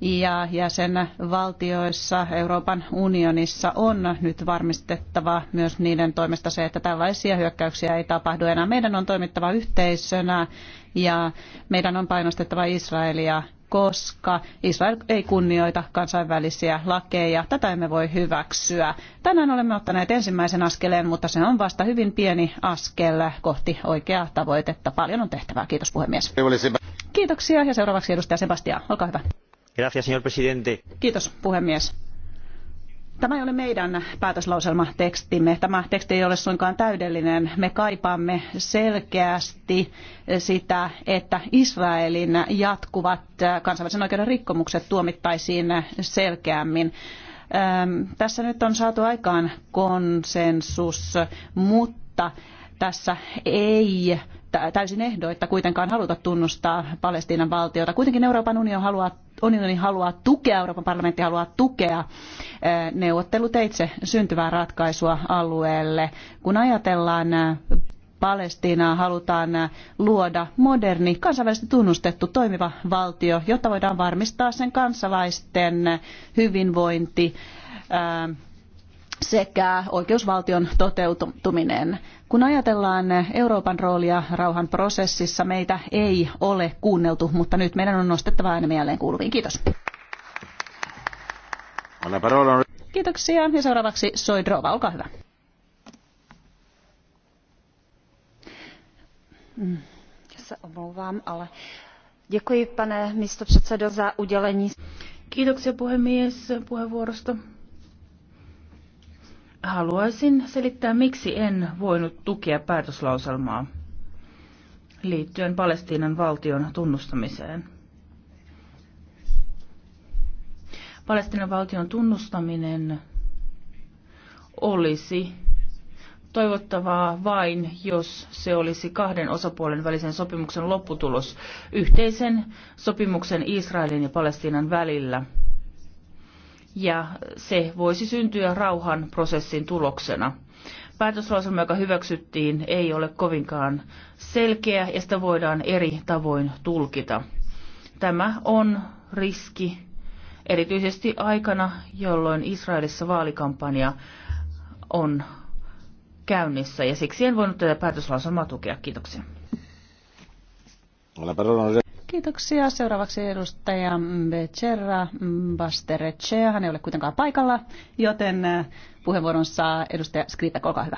[SPEAKER 6] ja jäsenvaltioissa Euroopan unionissa on nyt varmistettava myös niiden toimesta se, että tällaisia hyökkäyksiä ei tapahdu enää. Meidän on toimittava yhteisönä ja meidän on painostettava Israelia koska Israel ei kunnioita kansainvälisiä lakeja. Tätä emme voi hyväksyä. Tänään olemme ottaneet ensimmäisen askeleen, mutta se on vasta hyvin pieni askel kohti oikeaa tavoitetta. Paljon on tehtävää. Kiitos puhemies. Kiitoksia ja seuraavaksi edustaja Sebastian. Olkaa hyvä.
[SPEAKER 1] Gracias, señor presidente.
[SPEAKER 6] Kiitos puhemies Tämä ei ole meidän päätöslauselmatekstimme. Tämä teksti ei ole suinkaan täydellinen. Me kaipaamme selkeästi sitä, että Israelin jatkuvat kansainvälisen oikeuden rikkomukset tuomittaisiin selkeämmin. Tässä nyt on saatu aikaan konsensus, mutta tässä ei täysin ehdoitta kuitenkaan haluta tunnustaa Palestiinan valtiota. Kuitenkin Euroopan unioni haluaa, unioni haluaa tukea, Euroopan parlamentti haluaa tukea neuvotteluteitse syntyvää ratkaisua alueelle. Kun ajatellaan Palestiinaa halutaan luoda moderni, kansainvälisesti tunnustettu toimiva valtio, jotta voidaan varmistaa sen kansalaisten hyvinvointi, sekä oikeusvaltion toteutuminen. Kun ajatellaan Euroopan roolia rauhan prosessissa, meitä ei ole kuunneltu, mutta nyt meidän on nostettava äänemme jälleen kuuluviin. Kiitos. Kiitoksia ja seuraavaksi Soidrova, olkaa hyvä.
[SPEAKER 3] Se omlouvám, ale děkuji pane místopředsedo za udělení. Kiitoksia puhemies puheenvuorosta. Haluaisin selittää, miksi en voinut tukea päätöslauselmaa liittyen Palestiinan valtion tunnustamiseen. Palestiinan valtion tunnustaminen olisi toivottavaa vain, jos se olisi kahden osapuolen välisen sopimuksen lopputulos, yhteisen sopimuksen Israelin ja Palestiinan välillä – ja se voisi syntyä rauhan prosessin tuloksena. Päätöslauselma, joka hyväksyttiin, ei ole kovinkaan selkeä ja sitä voidaan eri tavoin tulkita. Tämä on riski, erityisesti aikana, jolloin Israelissa vaalikampanja on
[SPEAKER 6] käynnissä ja
[SPEAKER 3] siksi en voinut tätä päätöslauselmaa tukea. Kiitoksia.
[SPEAKER 6] Kiitoksia. Seuraavaksi edustaja Becerra Basterecea. Hän ei ole kuitenkaan paikalla, joten äh, puheenvuoron saa edustaja Skripek.
[SPEAKER 7] Olkaa hyvä.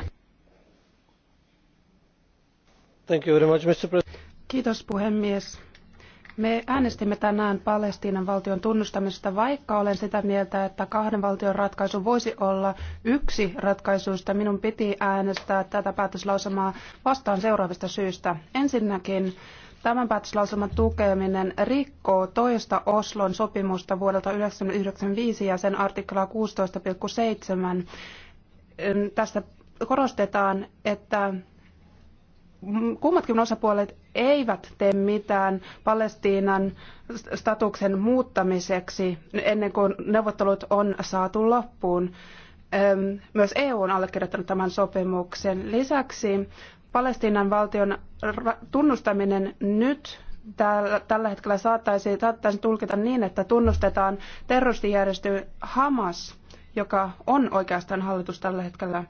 [SPEAKER 1] Thank you very much, Mr. President.
[SPEAKER 7] Kiitos puhemies. Me äänestimme tänään Palestiinan valtion tunnustamisesta, vaikka olen sitä mieltä, että kahden valtion ratkaisu voisi olla yksi ratkaisuista. Minun piti äänestää tätä päätöslausemaa vastaan seuraavista syistä. Ensinnäkin Tämän päätöslauselman tukeminen rikkoo toista Oslon sopimusta vuodelta 1995 ja sen artiklaa 16.7. Tässä korostetaan, että kummatkin osapuolet eivät tee mitään Palestiinan statuksen muuttamiseksi ennen kuin neuvottelut on saatu loppuun. Myös EU on allekirjoittanut tämän sopimuksen. Lisäksi Palestiinan valtion tunnustaminen nyt tällä hetkellä saattaisi, saattaisi tulkita niin, että tunnustetaan terroristijärjestö Hamas, joka on oikeastaan hallitus tällä hetkellä.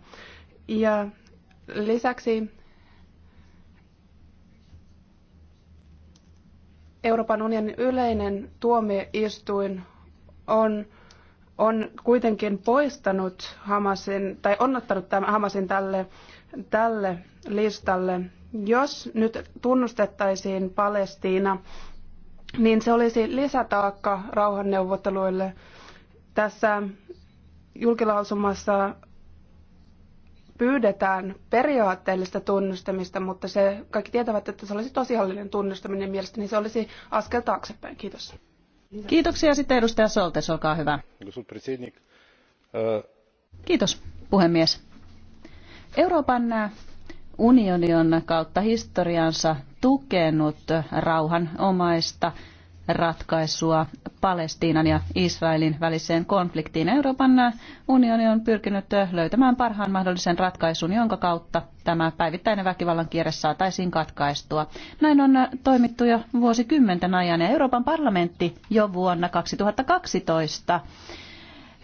[SPEAKER 7] Ja lisäksi Euroopan unionin yleinen tuomioistuin on, on kuitenkin poistanut Hamasin, tai on ottanut tämän Hamasin tälle tälle listalle. Jos nyt tunnustettaisiin Palestiina, niin se olisi lisätaakka rauhanneuvotteluille. Tässä julkilausumassa pyydetään periaatteellista tunnustamista, mutta se, kaikki tietävät, että se olisi tosiallinen tunnustaminen mielestäni, niin se olisi askel taaksepäin. Kiitos. Kiitoksia
[SPEAKER 6] sitten edustaja Soltes, olkaa hyvä. Kiitos puhemies Euroopan unioni on kautta historiansa tukenut rauhanomaista ratkaisua Palestiinan ja Israelin väliseen konfliktiin. Euroopan unioni on pyrkinyt löytämään parhaan mahdollisen ratkaisun, jonka kautta tämä päivittäinen väkivallan kierre saataisiin katkaistua. Näin on toimittu jo vuosikymmenten ajan ja Euroopan parlamentti jo vuonna 2012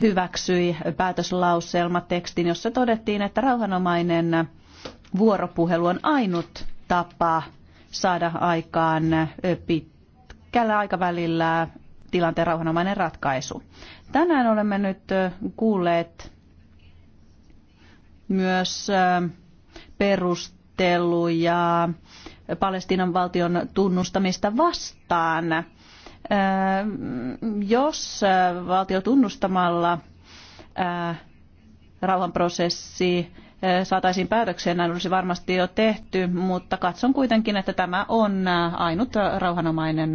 [SPEAKER 6] hyväksyi päätöslauselmatekstin, jossa todettiin, että rauhanomainen vuoropuhelu on ainut tapa saada aikaan pitkällä aikavälillä tilanteen rauhanomainen ratkaisu. Tänään olemme nyt kuulleet myös perusteluja Palestiinan valtion tunnustamista vastaan jos valtio tunnustamalla rauhanprosessi saataisiin päätökseen, näin olisi varmasti jo tehty, mutta katson kuitenkin, että tämä on ainut rauhanomainen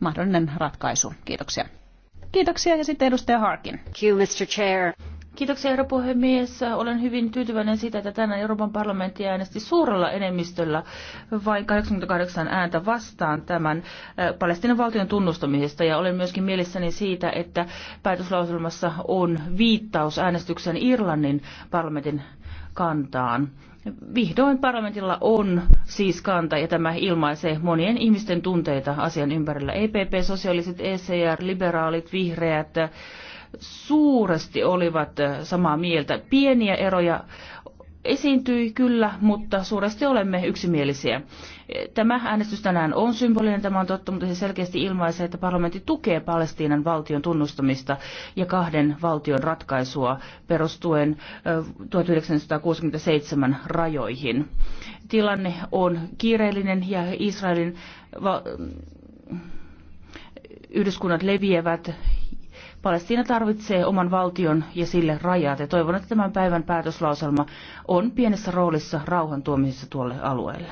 [SPEAKER 6] mahdollinen ratkaisu. Kiitoksia. Kiitoksia ja sitten
[SPEAKER 3] edustaja Harkin. Thank you, Mr. Chair. Kiitoksia, herra puhemies. Olen hyvin tyytyväinen siitä, että tänään Euroopan parlamentti äänesti suurella enemmistöllä vain 88 ääntä vastaan tämän äh, Palestinan valtion tunnustamisesta. Ja olen myöskin mielissäni siitä, että päätöslauselmassa on viittaus äänestyksen Irlannin parlamentin kantaan. Vihdoin parlamentilla on siis kanta ja tämä ilmaisee monien ihmisten tunteita asian ympärillä. EPP, sosiaaliset, ECR, liberaalit, vihreät, suuresti olivat äh, samaa mieltä. Pieniä eroja esiintyi kyllä, mutta suuresti olemme yksimielisiä. Tämä äänestys tänään on symbolinen, tämä on totta, mutta se selkeästi ilmaisee, että parlamentti tukee Palestiinan valtion tunnustamista ja kahden valtion ratkaisua perustuen 1967 äh, rajoihin. Tilanne on kiireellinen ja Israelin yhdyskunnat leviävät Palestiina tarvitsee oman valtion ja sille rajat ja toivon, että tämän päivän päätöslauselma on
[SPEAKER 6] pienessä roolissa rauhan tuomisessa tuolle alueelle.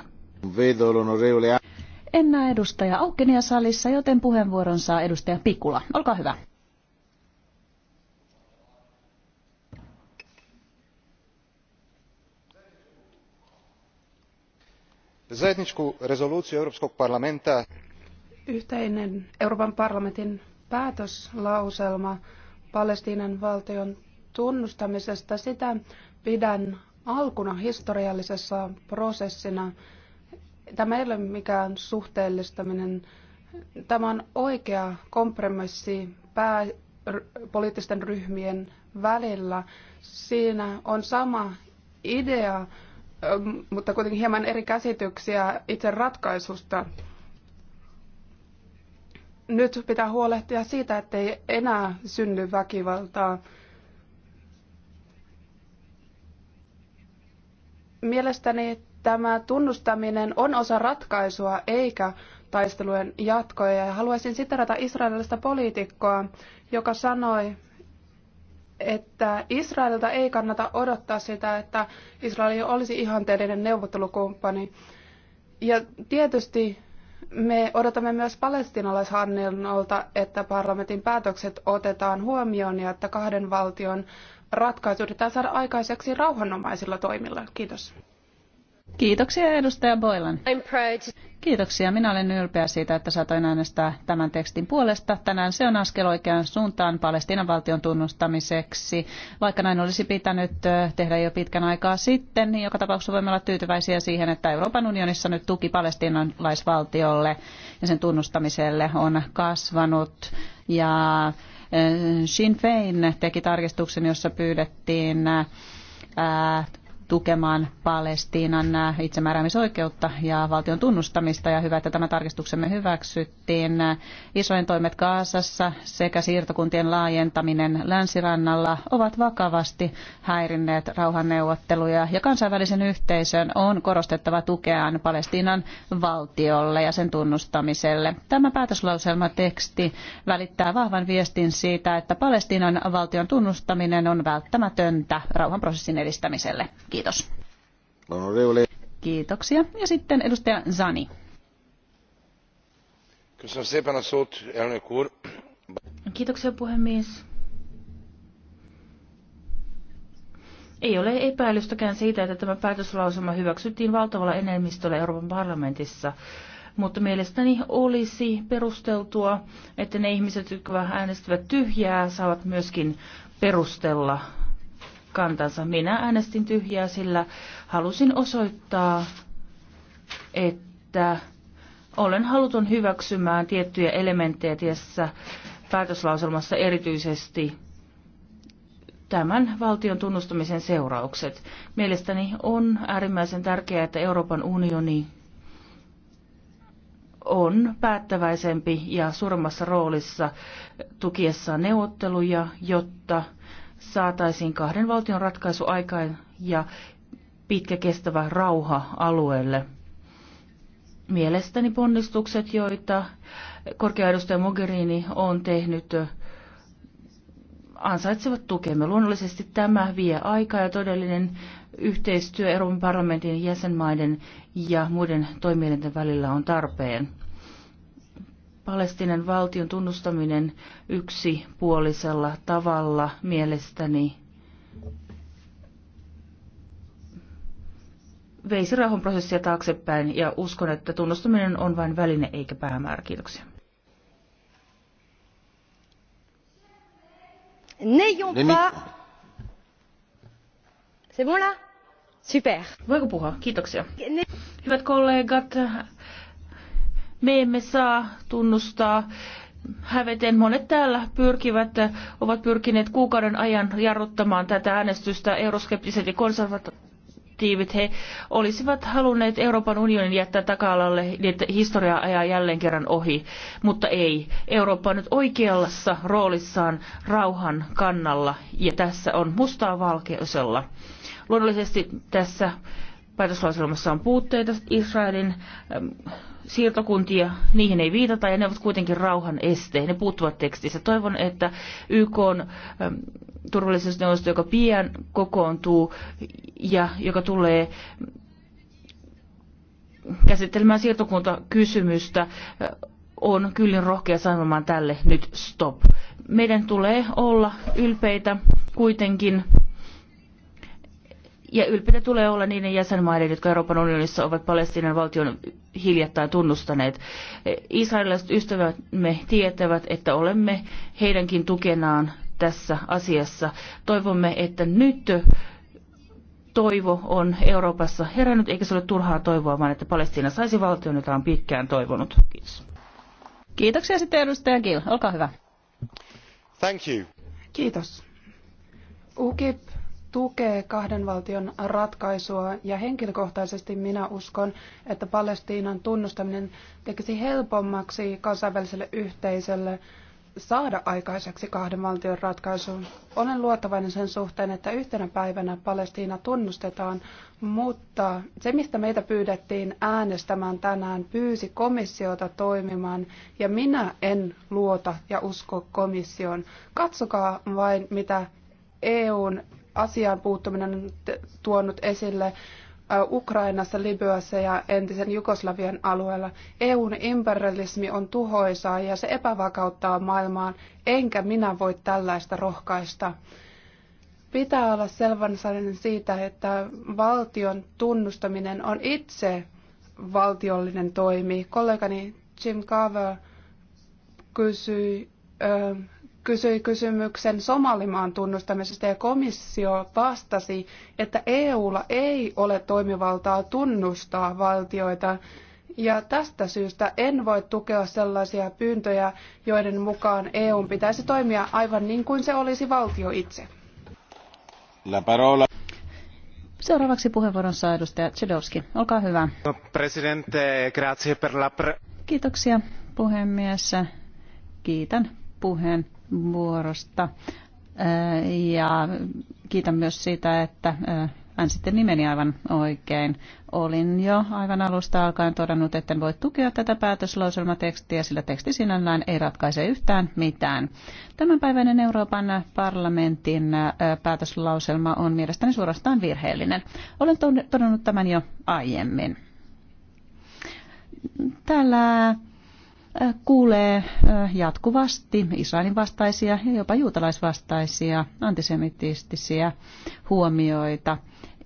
[SPEAKER 6] En näe edustaja Aukenia salissa, joten puheenvuoron saa edustaja Pikula. Olkaa hyvä.
[SPEAKER 1] zajedničku rezoluciju europskog parlamenta
[SPEAKER 7] yhteinen euroopan parlamentin päätöslauselma Palestiinan valtion tunnustamisesta, sitä pidän alkuna historiallisessa prosessina. Tämä ei ole mikään suhteellistaminen. Tämä on oikea kompromissi pää, poliittisten ryhmien välillä. Siinä on sama idea, mutta kuitenkin hieman eri käsityksiä itse ratkaisusta nyt pitää huolehtia siitä, ettei enää synny väkivaltaa. Mielestäni tämä tunnustaminen on osa ratkaisua eikä taistelujen jatkoja. Ja haluaisin siterata israelilaista poliitikkoa, joka sanoi, että Israelilta ei kannata odottaa sitä, että Israel olisi ihanteellinen neuvottelukumppani. Ja tietysti me odotamme myös palestinalaishallinnolta, että parlamentin päätökset otetaan huomioon ja että kahden valtion ratkaisu yritetään saada aikaiseksi rauhanomaisilla toimilla. Kiitos.
[SPEAKER 6] Kiitoksia edustaja Boylan. Kiitoksia. Minä olen ylpeä siitä, että saatoin äänestää tämän tekstin puolesta. Tänään se on askel oikeaan suuntaan Palestiinan valtion tunnustamiseksi. Vaikka näin olisi pitänyt tehdä jo pitkän aikaa sitten, niin joka tapauksessa voimme olla tyytyväisiä siihen, että Euroopan unionissa nyt tuki palestinalaisvaltiolle ja sen tunnustamiselle on kasvanut. Ja Sinn Fein teki tarkistuksen, jossa pyydettiin tukemaan Palestiinan äh, itsemääräämisoikeutta ja valtion tunnustamista. Ja hyvä, että tämä tarkistuksemme hyväksyttiin. Isojen toimet Kaasassa sekä siirtokuntien laajentaminen länsirannalla ovat vakavasti häirinneet rauhanneuvotteluja. Ja kansainvälisen yhteisön on korostettava tukeaan Palestiinan valtiolle ja sen tunnustamiselle. Tämä päätöslauselmateksti välittää vahvan viestin siitä, että Palestiinan valtion tunnustaminen on välttämätöntä rauhanprosessin edistämiselle. Kiitos. Kiitos. Kiitoksia. Ja sitten edustaja Zani. Kiitoksia puhemies.
[SPEAKER 3] Ei ole epäilystäkään siitä, että tämä päätöslausuma hyväksyttiin valtavalla enemmistöllä Euroopan parlamentissa, mutta mielestäni olisi perusteltua, että ne ihmiset, jotka äänestävät tyhjää, saavat myöskin perustella kantansa. Minä äänestin tyhjää, sillä halusin osoittaa, että olen haluton hyväksymään tiettyjä elementtejä tässä päätöslauselmassa erityisesti tämän valtion tunnustamisen seuraukset. Mielestäni on äärimmäisen tärkeää, että Euroopan unioni on päättäväisempi ja suuremmassa roolissa tukiessaan neuvotteluja, jotta saataisiin kahden valtion ratkaisu aikaan ja pitkä kestävä rauha alueelle. Mielestäni ponnistukset, joita korkea-edustaja Mogherini on tehnyt, ansaitsevat tukemme. Luonnollisesti tämä vie aikaa ja todellinen yhteistyö Euroopan parlamentin jäsenmaiden ja muiden toimielinten välillä on tarpeen. Palestinan valtion tunnustaminen yksipuolisella tavalla mielestäni veisi rauhanprosessia taaksepäin ja uskon, että tunnustaminen on vain väline eikä päämäärä. Kiitoksia.
[SPEAKER 1] N'ayons pas... C'est bon là?
[SPEAKER 3] Super. Voiko puhua? Kiitoksia. Hyvät kollegat, me emme saa tunnustaa häveten. Monet täällä pyrkivät, ovat pyrkineet kuukauden ajan jarruttamaan tätä äänestystä. Euroskeptiset ja konservatiivit, he olisivat halunneet Euroopan unionin jättää taka-alalle, niin että historia ajaa jälleen kerran ohi. Mutta ei. Eurooppa on nyt oikeallassa roolissaan rauhan kannalla ja tässä on mustaa valkeusella. Luonnollisesti tässä päätöslauselmassa on puutteita Israelin ähm, siirtokuntia, niihin ei viitata ja ne ovat kuitenkin rauhan este. Ne puuttuvat tekstissä. Toivon, että YK on turvallisuusneuvosto, joka pian kokoontuu ja joka tulee käsittelemään siirtokuntakysymystä, äh, on kyllin rohkea sanomaan tälle nyt stop. Meidän tulee olla ylpeitä kuitenkin ja ylpeitä tulee olla niiden jäsenmaiden, jotka Euroopan unionissa ovat Palestiinan valtion hiljattain tunnustaneet. Israelilaiset ystävämme tietävät, että olemme heidänkin tukenaan tässä asiassa. Toivomme, että nyt toivo on Euroopassa herännyt, eikä se ole turhaa toivoa, vaan että Palestiina saisi valtion, jota on pitkään toivonut. Kiitos.
[SPEAKER 7] Kiitoksia sitten edustaja Gill. Olkaa hyvä. Thank you. Kiitos. UKIP tukee kahden valtion ratkaisua ja henkilökohtaisesti minä uskon, että Palestiinan tunnustaminen tekisi helpommaksi kansainväliselle yhteisölle saada aikaiseksi kahden valtion ratkaisun. Olen luottavainen sen suhteen, että yhtenä päivänä Palestiina tunnustetaan, mutta se, mistä meitä pyydettiin äänestämään tänään, pyysi komissiota toimimaan, ja minä en luota ja usko komissioon. Katsokaa vain, mitä EUn asiaan puuttuminen on tuonut esille Ukrainassa, Libyassa ja entisen Jugoslavian alueella. EUn imperialismi on tuhoisaa ja se epävakauttaa maailmaa, enkä minä voi tällaista rohkaista. Pitää olla selvänsanainen siitä, että valtion tunnustaminen on itse valtiollinen toimi. Kollegani Jim Carver kysyi, kysyi kysymyksen Somalimaan tunnustamisesta ja komissio vastasi, että EUlla ei ole toimivaltaa tunnustaa valtioita. Ja tästä syystä en voi tukea sellaisia pyyntöjä, joiden mukaan EU pitäisi toimia aivan niin kuin se olisi valtio itse.
[SPEAKER 1] La parola. Seuraavaksi
[SPEAKER 6] puheenvuoron saa edustaja Chidowski. Olkaa hyvä.
[SPEAKER 1] No, presidente, grazie per la pre-
[SPEAKER 6] Kiitoksia puhemies. Kiitän puheen vuorosta Ja kiitän myös siitä, että hän sitten nimeni aivan oikein. Olin jo aivan alusta alkaen todennut, että en voi tukea tätä päätöslauselmatekstiä, sillä teksti sinällään ei ratkaise yhtään mitään. Tämänpäiväinen Euroopan parlamentin päätöslauselma on mielestäni suorastaan virheellinen. Olen todennut tämän jo aiemmin. Täällä kuulee jatkuvasti Israelin vastaisia ja jopa juutalaisvastaisia antisemitistisiä huomioita.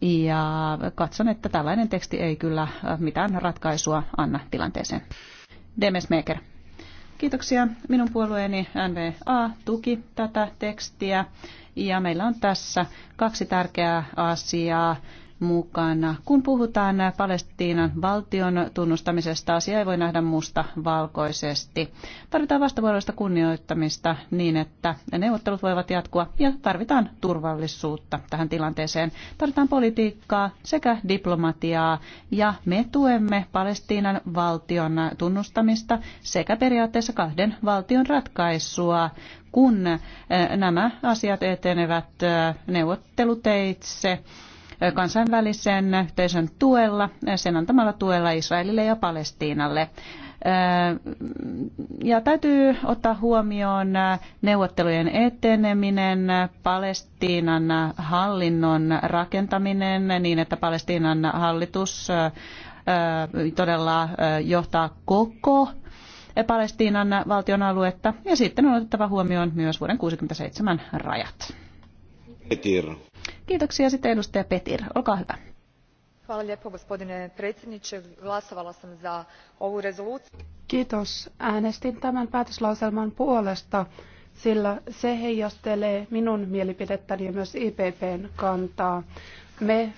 [SPEAKER 6] Ja katson, että tällainen teksti ei kyllä mitään ratkaisua anna tilanteeseen. Demes Meker. Kiitoksia. Minun puolueeni NVA tuki tätä tekstiä ja meillä on tässä kaksi tärkeää asiaa mukana. Kun puhutaan Palestiinan valtion tunnustamisesta, asia ei voi nähdä musta valkoisesti. Tarvitaan vastavuoroista kunnioittamista niin, että neuvottelut voivat jatkua ja tarvitaan turvallisuutta tähän tilanteeseen. Tarvitaan politiikkaa sekä diplomatiaa ja me tuemme Palestiinan valtion tunnustamista sekä periaatteessa kahden valtion ratkaisua, kun eh, nämä asiat etenevät eh, neuvotteluteitse kansainvälisen yhteisön tuella, sen antamalla tuella Israelille ja Palestiinalle. Ja täytyy ottaa huomioon neuvottelujen eteneminen, Palestiinan hallinnon rakentaminen niin, että Palestiinan hallitus todella johtaa koko Palestiinan valtion aluetta ja sitten on otettava huomioon myös vuoden 1967 rajat. Kiitoksia sitten edustaja Petir. Olkaa hyvä.
[SPEAKER 4] gospodine predsjedniče. Glasovala sam za ovu rezoluciju.
[SPEAKER 7] Kiitos. Äänestin tämän päätöslauselman puolesta, sillä se heijastelee minun mielipidettäni ja myös IPPn kantaa. Me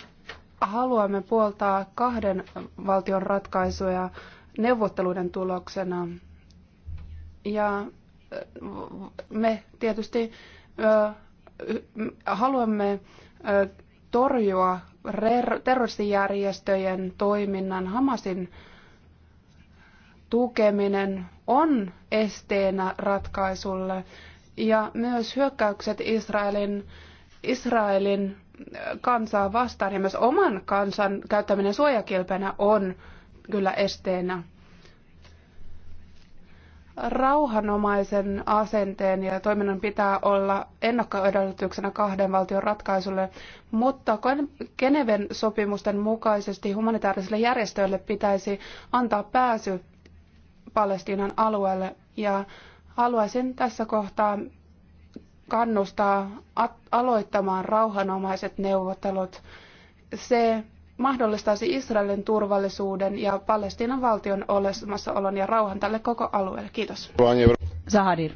[SPEAKER 7] haluamme puoltaa kahden valtion ratkaisuja neuvotteluiden tuloksena. Ja me tietysti haluamme torjua terroristijärjestöjen toiminnan. Hamasin tukeminen on esteenä ratkaisulle ja myös hyökkäykset Israelin, Israelin kansaa vastaan ja myös oman kansan käyttäminen suojakilpenä on kyllä esteenä rauhanomaisen asenteen ja toiminnan pitää olla ennakkoedellytyksenä kahden valtion ratkaisulle, mutta Geneven sopimusten mukaisesti humanitaarisille järjestöille pitäisi antaa pääsy Palestiinan alueelle ja haluaisin tässä kohtaa kannustaa aloittamaan rauhanomaiset neuvottelut. Se mahdollistaisi Israelin turvallisuuden ja Palestiinan valtion olemassaolon ja rauhan tälle koko alueelle. Kiitos. Zahadir.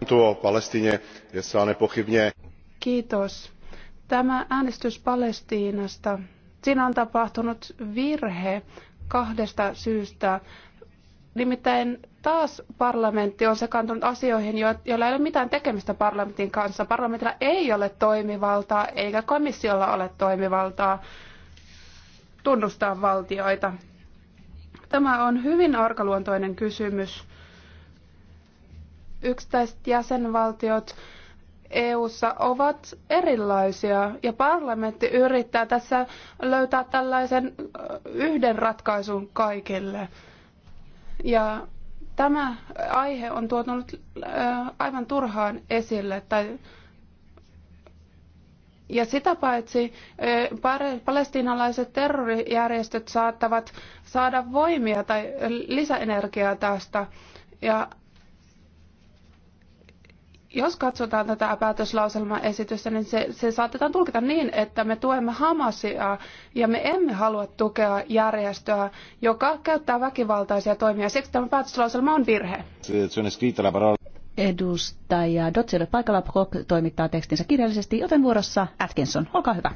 [SPEAKER 7] Kiitos. Tämä äänestys Palestiinasta, siinä on tapahtunut virhe kahdesta syystä. Nimittäin taas parlamentti on sekaantunut asioihin, joilla ei ole mitään tekemistä parlamentin kanssa. Parlamentilla ei ole toimivaltaa, eikä komissiolla ole toimivaltaa tunnustaa valtioita. Tämä on hyvin arkaluontoinen kysymys. Yksittäiset jäsenvaltiot EU:ssa ovat erilaisia ja parlamentti yrittää tässä löytää tällaisen yhden ratkaisun kaikille. Ja tämä aihe on tuotunut aivan turhaan esille tai ja sitä paitsi palestiinalaiset terrorijärjestöt saattavat saada voimia tai lisäenergiaa tästä. Ja jos katsotaan tätä päätöslauselmaesitystä, niin se, se saatetaan tulkita niin, että me tuemme Hamasia ja me emme halua tukea järjestöä, joka käyttää väkivaltaisia toimia. Siksi tämä päätöslauselma on virhe
[SPEAKER 6] edustaja Dotsi ole paikalla, Prok toimittaa tekstinsä kirjallisesti, joten vuorossa Atkinson, olkaa hyvä.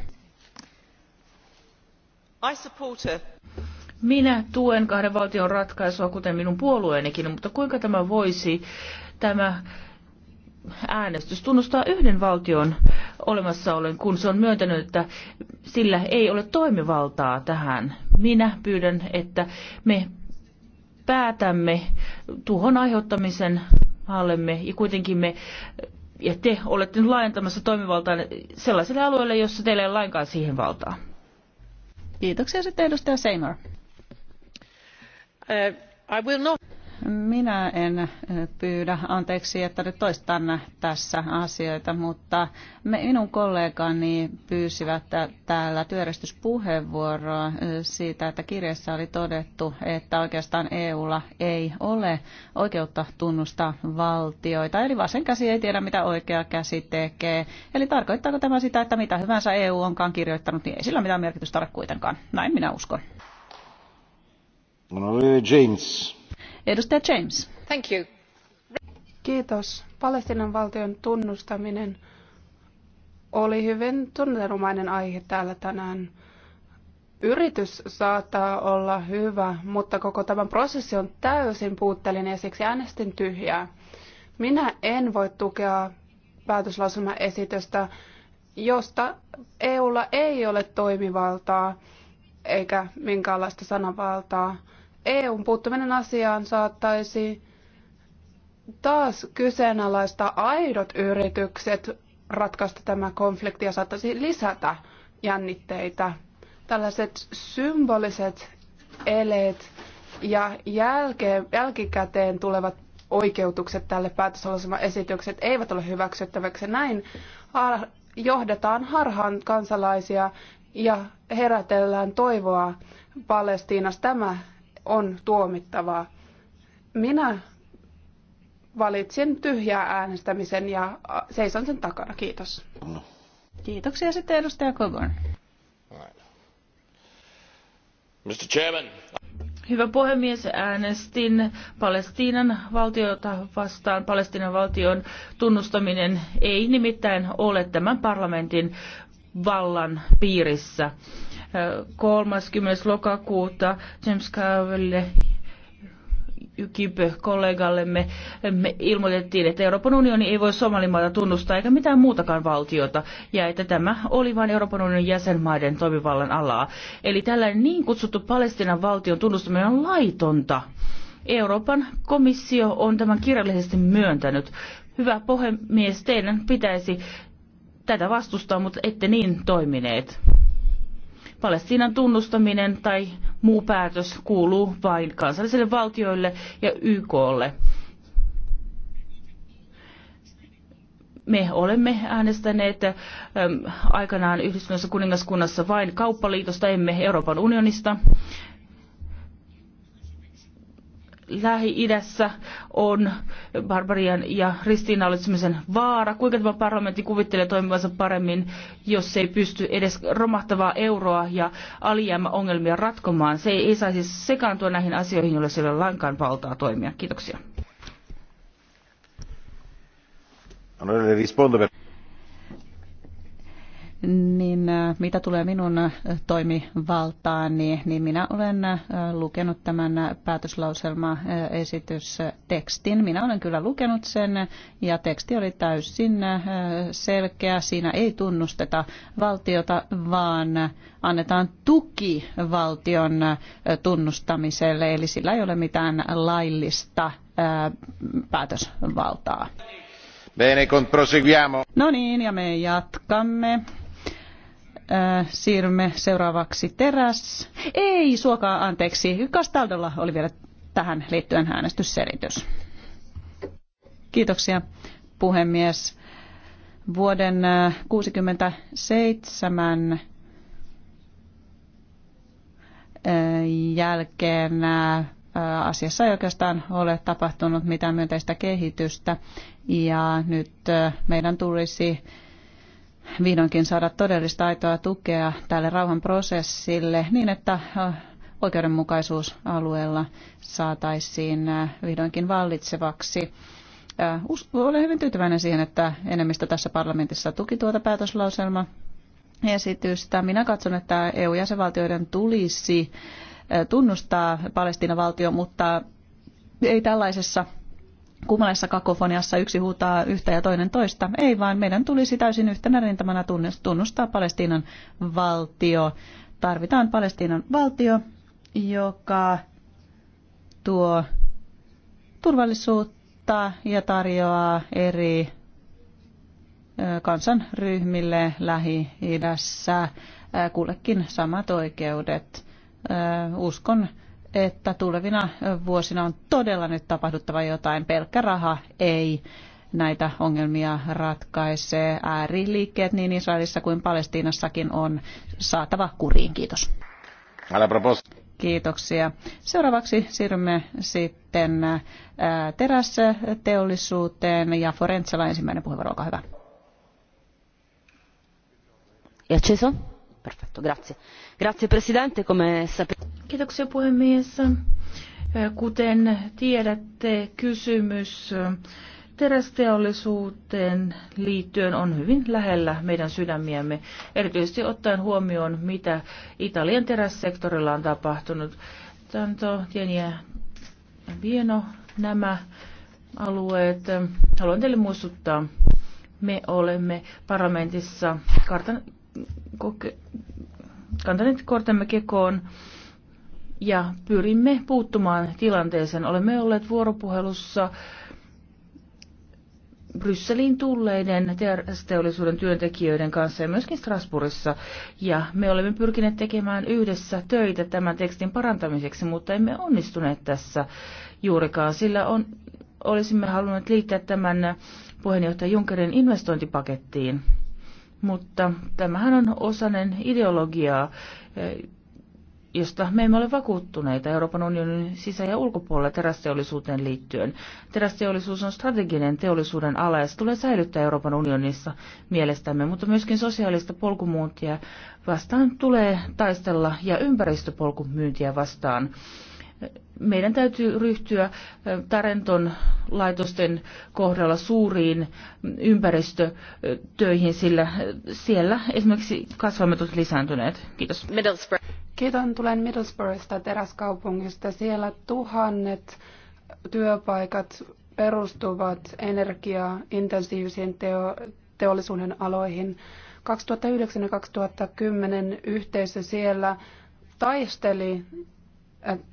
[SPEAKER 3] Minä tuen kahden valtion ratkaisua, kuten minun puolueenikin, mutta kuinka tämä voisi tämä äänestys tunnustaa yhden valtion olemassaolon, kun se on myöntänyt, että sillä ei ole toimivaltaa tähän. Minä pyydän, että me päätämme tuhon aiheuttamisen maallemme ja kuitenkin me ja te olette nyt laajentamassa toimivaltaa sellaisille alueille, jossa teillä ei ole lainkaan siihen valtaa.
[SPEAKER 6] Kiitoksia sitten edustaja Seymour. Uh, I will not... Minä en eh, pyydä anteeksi, että nyt toistan tässä asioita, mutta minun kollegani pyysivät täällä työjärjestyspuheenvuoroa eh, siitä, että kirjassa oli todettu, että oikeastaan EUlla ei ole oikeutta tunnustaa valtioita. Eli vasen käsi ei tiedä, mitä oikea käsi tekee. Eli tarkoittaako tämä sitä, että mitä hyvänsä EU onkaan kirjoittanut, niin ei sillä mitään merkitystä ole kuitenkaan. Näin minä uskon.
[SPEAKER 1] James.
[SPEAKER 6] Edustaja James.
[SPEAKER 7] Thank you. Kiitos. Palestinan valtion tunnustaminen oli hyvin tunteenomainen aihe täällä tänään. Yritys saattaa olla hyvä, mutta koko tämän prosessi on täysin puutteellinen ja siksi äänestin tyhjää. Minä en voi tukea päätöslauselmaesitystä, josta EUlla ei ole toimivaltaa eikä minkäänlaista sananvaltaa. EUn puuttuminen asiaan saattaisi taas kyseenalaista aidot yritykset ratkaista tämä konflikti ja saattaisi lisätä jännitteitä. Tällaiset symboliset eleet ja jälkeen, jälkikäteen tulevat oikeutukset tälle esitykset eivät ole hyväksyttäväksi. Näin har- johdetaan harhaan kansalaisia ja herätellään toivoa Palestiinassa. Tämä on tuomittavaa. Minä valitsin tyhjää äänestämisen ja seison sen takana. Kiitos. Kiitoksia sitten edustaja Coburn.
[SPEAKER 4] Mr. Chairman.
[SPEAKER 3] Hyvä puhemies, äänestin Palestiinan valtiota vastaan. Palestiinan valtion tunnustaminen ei nimittäin ole tämän parlamentin vallan piirissä. 30. lokakuuta James Carville Ykipö kollegallemme me ilmoitettiin, että Euroopan unioni ei voi Somalimaata tunnustaa eikä mitään muutakaan valtiota, ja että tämä oli vain Euroopan unionin jäsenmaiden toimivallan alaa. Eli tällainen niin kutsuttu Palestinan valtion tunnustaminen on laitonta. Euroopan komissio on tämän kirjallisesti myöntänyt. Hyvä puhemies, teidän pitäisi tätä vastustaa, mutta ette niin toimineet. Palestiinan tunnustaminen tai muu päätös kuuluu vain kansallisille valtioille ja YKlle. me olemme äänestäneet ähm, aikanaan yhdistyneessä kuningaskunnassa vain kauppaliitosta, emme Euroopan unionista. Lähi-idässä on barbarian ja ristiinnaulitsemisen vaara. Kuinka tämä parlamentti kuvittelee toimivansa paremmin, jos se ei pysty edes romahtavaa euroa ja alijäämäongelmia ratkomaan? Se ei, ei saisi sekaantua näihin asioihin, joilla sillä ei ole lainkaan valtaa toimia. Kiitoksia
[SPEAKER 6] niin äh, mitä tulee minun äh, toimivaltaani, niin minä olen äh, lukenut tämän päätöslauselmaesitystekstin. Minä olen kyllä lukenut sen ja teksti oli täysin selkeä. Siinä ei tunnusteta valtiota, vaan annetaan tuki valtion tunnustamiselle, eli sillä ei ole mitään laillista päätösvaltaa.
[SPEAKER 1] Bene, proseguiamo.
[SPEAKER 6] No niin, ja me jatkamme. Äh, siirrymme seuraavaksi teräs. Ei, suokaa anteeksi. Kastaldolla oli vielä tähän liittyen äänestysselitys. Kiitoksia puhemies. Vuoden 1967 äh, äh, jälkeen asiassa ei oikeastaan ole tapahtunut mitään myönteistä kehitystä ja nyt meidän tulisi vihdoinkin saada todellista aitoa tukea tälle rauhanprosessille niin, että oikeudenmukaisuus alueella saataisiin vihdoinkin vallitsevaksi. Olen hyvin tyytyväinen siihen, että enemmistö tässä parlamentissa tuki tuota päätöslauselma esitystä. Minä katson, että EU-jäsenvaltioiden tulisi tunnustaa Palestiinan valtio, mutta ei tällaisessa kummallessa kakofoniassa yksi huutaa yhtä ja toinen toista. Ei vaan meidän tulisi täysin yhtenä rintamana tunnustaa Palestiinan valtio. Tarvitaan Palestiinan valtio, joka tuo turvallisuutta ja tarjoaa eri kansanryhmille Lähi-idässä kullekin samat oikeudet. Uskon että tulevina vuosina on todella nyt tapahduttava jotain. Pelkkä raha ei näitä ongelmia ratkaisee. Ääriliikkeet niin Israelissa kuin Palestiinassakin on saatava kuriin. Kiitos. Kiitoksia. Seuraavaksi siirrymme sitten terästeollisuuteen ja Forensella ensimmäinen puheenvuoro, olkaa hyvä. Ja Perfetto, grazie Grazie presidente, come
[SPEAKER 3] sapete. Kiitoksia puhemies. Kuten tiedätte, kysymys terästeollisuuteen liittyen on hyvin lähellä meidän sydämiämme, erityisesti ottaen huomioon, mitä Italian terässektorilla on tapahtunut. Tanto, Tieniä, Vieno, nämä alueet. Haluan teille muistuttaa, me olemme parlamentissa kartan koke- kantaneet kortemme kekoon ja pyrimme puuttumaan tilanteeseen. Olemme olleet vuoropuhelussa Brysseliin tulleiden teollisuuden työntekijöiden kanssa ja myöskin Strasbourgissa. Ja me olemme pyrkineet tekemään yhdessä töitä tämän tekstin parantamiseksi, mutta emme onnistuneet tässä juurikaan, sillä on, olisimme halunneet liittää tämän puheenjohtaja Junckerin investointipakettiin mutta tämähän on osanen ideologiaa, eh, josta me emme ole vakuuttuneita Euroopan unionin sisä- ja ulkopuolella terästeollisuuteen liittyen. Terästeollisuus on strateginen teollisuuden ala ja se tulee säilyttää Euroopan unionissa mielestämme, mutta myöskin sosiaalista polkumuuntia vastaan tulee taistella ja ympäristöpolkumyyntiä vastaan meidän täytyy ryhtyä Tarenton laitosten kohdalla suuriin ympäristötöihin, sillä siellä esimerkiksi kasvamat ovat lisääntyneet. Kiitos.
[SPEAKER 7] Middlesbrough. Kiitos. Tulen Middlesbroughista, teräskaupungista. Siellä tuhannet työpaikat perustuvat energiaintensiivisiin teo- teollisuuden aloihin. 2009 ja 2010 yhteisö siellä taisteli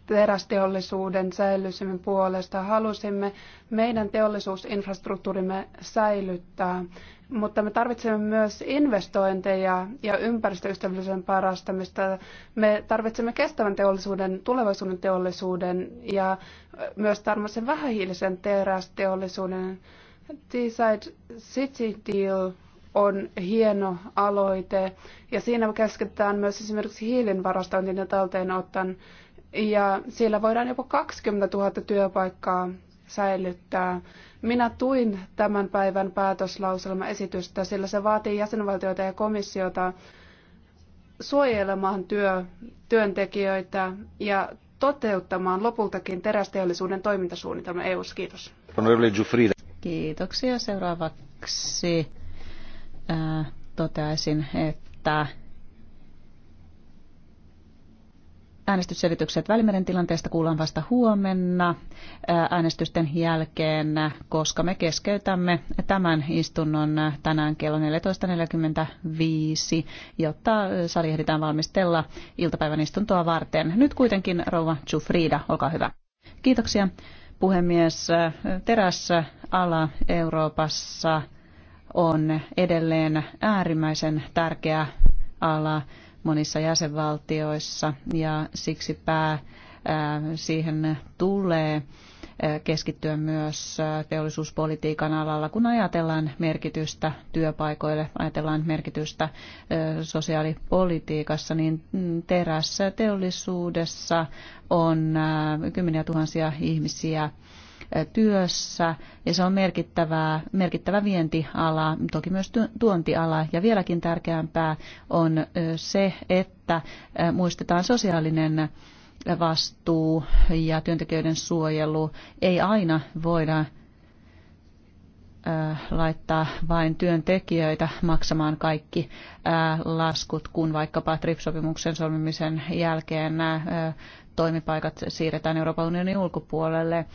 [SPEAKER 7] terästeollisuuden säilymisen puolesta. Halusimme meidän teollisuusinfrastruktuurimme säilyttää, mutta me tarvitsemme myös investointeja ja ympäristöystävällisyyden parastamista. Me tarvitsemme kestävän teollisuuden, tulevaisuuden teollisuuden ja myös tarvitsemme vähähiilisen terästeollisuuden. t City Deal on hieno aloite ja siinä keskitytään myös esimerkiksi hiilin varastointiin ja talteenottoon ja siellä voidaan jopa 20 000 työpaikkaa säilyttää. Minä tuin tämän päivän päätöslauselmaesitystä, sillä se vaatii jäsenvaltioita ja komissiota suojelemaan työ, työntekijöitä ja toteuttamaan lopultakin terästeollisuuden toimintasuunnitelma eu Kiitos. Kiitoksia.
[SPEAKER 6] Seuraavaksi äh, toteaisin, että Äänestysselitykset Välimeren tilanteesta kuullaan vasta huomenna äänestysten jälkeen, koska me keskeytämme tämän istunnon tänään kello 14.45, jotta sali ehditään valmistella iltapäivän istuntoa varten. Nyt kuitenkin rouva Jufrida, olkaa hyvä. Kiitoksia puhemies. Terässä ala Euroopassa on edelleen äärimmäisen tärkeä ala monissa jäsenvaltioissa ja siksi pää siihen tulee keskittyä myös teollisuuspolitiikan alalla, kun ajatellaan merkitystä työpaikoille, ajatellaan merkitystä sosiaalipolitiikassa, niin mm, terässä teollisuudessa on kymmeniä tuhansia ihmisiä työssä ja se on merkittävää, merkittävä vientiala, toki myös tuontiala. Ja vieläkin tärkeämpää on se, että muistetaan sosiaalinen vastuu ja työntekijöiden suojelu. Ei aina voida laittaa vain työntekijöitä maksamaan kaikki laskut, kun vaikkapa TRIP-sopimuksen solmimisen jälkeen toimipaikat siirretään Euroopan unionin ulkopuolelle.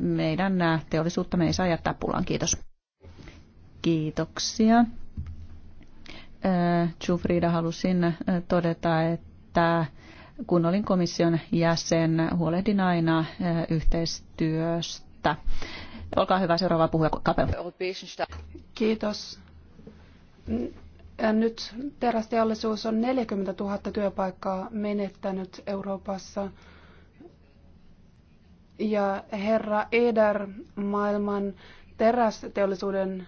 [SPEAKER 6] Meidän teollisuutta me ei saa jättää pulaan. Kiitos. Kiitoksia. Jufrida halusin todeta, että kun olin komission jäsen, huolehdin aina yhteistyöstä. Olkaa hyvä, seuraava puhuja Kapel.
[SPEAKER 7] Kiitos. Nyt terästeollisuus on 40 000 työpaikkaa menettänyt Euroopassa. Ja herra Eder, maailman terästeollisuuden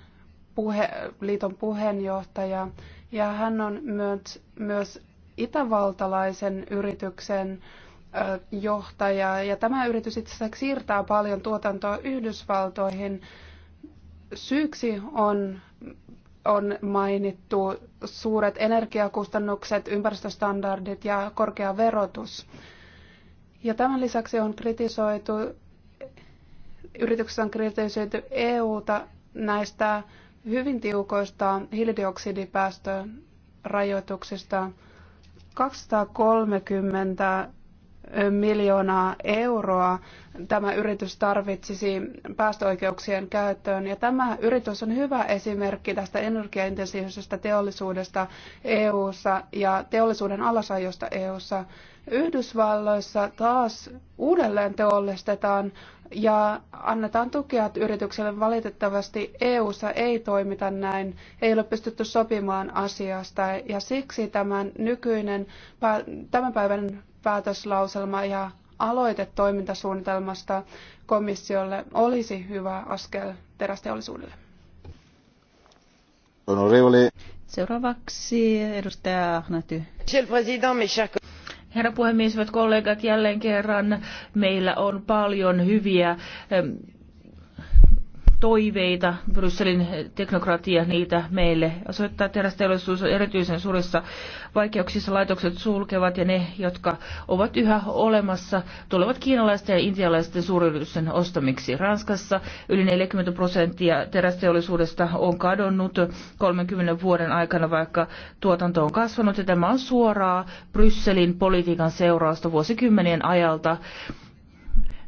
[SPEAKER 7] puhe, liiton puheenjohtaja, ja hän on myös, myös itävaltalaisen yrityksen johtaja. Ja tämä yritys itse asiassa siirtää paljon tuotantoa Yhdysvaltoihin. Syyksi on on mainittu suuret energiakustannukset, ympäristöstandardit ja korkea verotus. Ja tämän lisäksi on kritisoitu, yrityksessä on kritisoitu EUta näistä hyvin tiukoista hiilidioksidipäästörajoituksista. 230 miljoonaa euroa tämä yritys tarvitsisi päästöoikeuksien käyttöön. Ja tämä yritys on hyvä esimerkki tästä energiaintensiivisestä teollisuudesta EU:ssa ja teollisuuden alasajosta EU:ssa. Yhdysvalloissa taas uudelleen teollistetaan ja annetaan tukea yritykselle. Valitettavasti EU:ssa ei toimita näin, ei ole pystytty sopimaan asiasta ja siksi tämän nykyinen tämän päivän päätöslauselma ja aloite toimintasuunnitelmasta komissiolle olisi hyvä askel terästeollisuudelle.
[SPEAKER 1] Honorevoli.
[SPEAKER 6] Seuraavaksi edustaja Ahnaty. Monsieur le Président, mes chers Herra puhemies,
[SPEAKER 3] hyvät kollegat, jälleen kerran meillä on paljon hyviä toiveita. Brysselin teknokratia niitä meille osoittaa. Terästeollisuus on erityisen suurissa vaikeuksissa. Laitokset sulkevat ja ne, jotka ovat yhä olemassa, tulevat kiinalaisten ja intialaisten suuryritysten ostamiksi. Ranskassa yli 40 prosenttia terästeollisuudesta on kadonnut 30 vuoden aikana, vaikka tuotanto on kasvanut. Ja tämä on suoraa Brysselin politiikan seurausta vuosikymmenien ajalta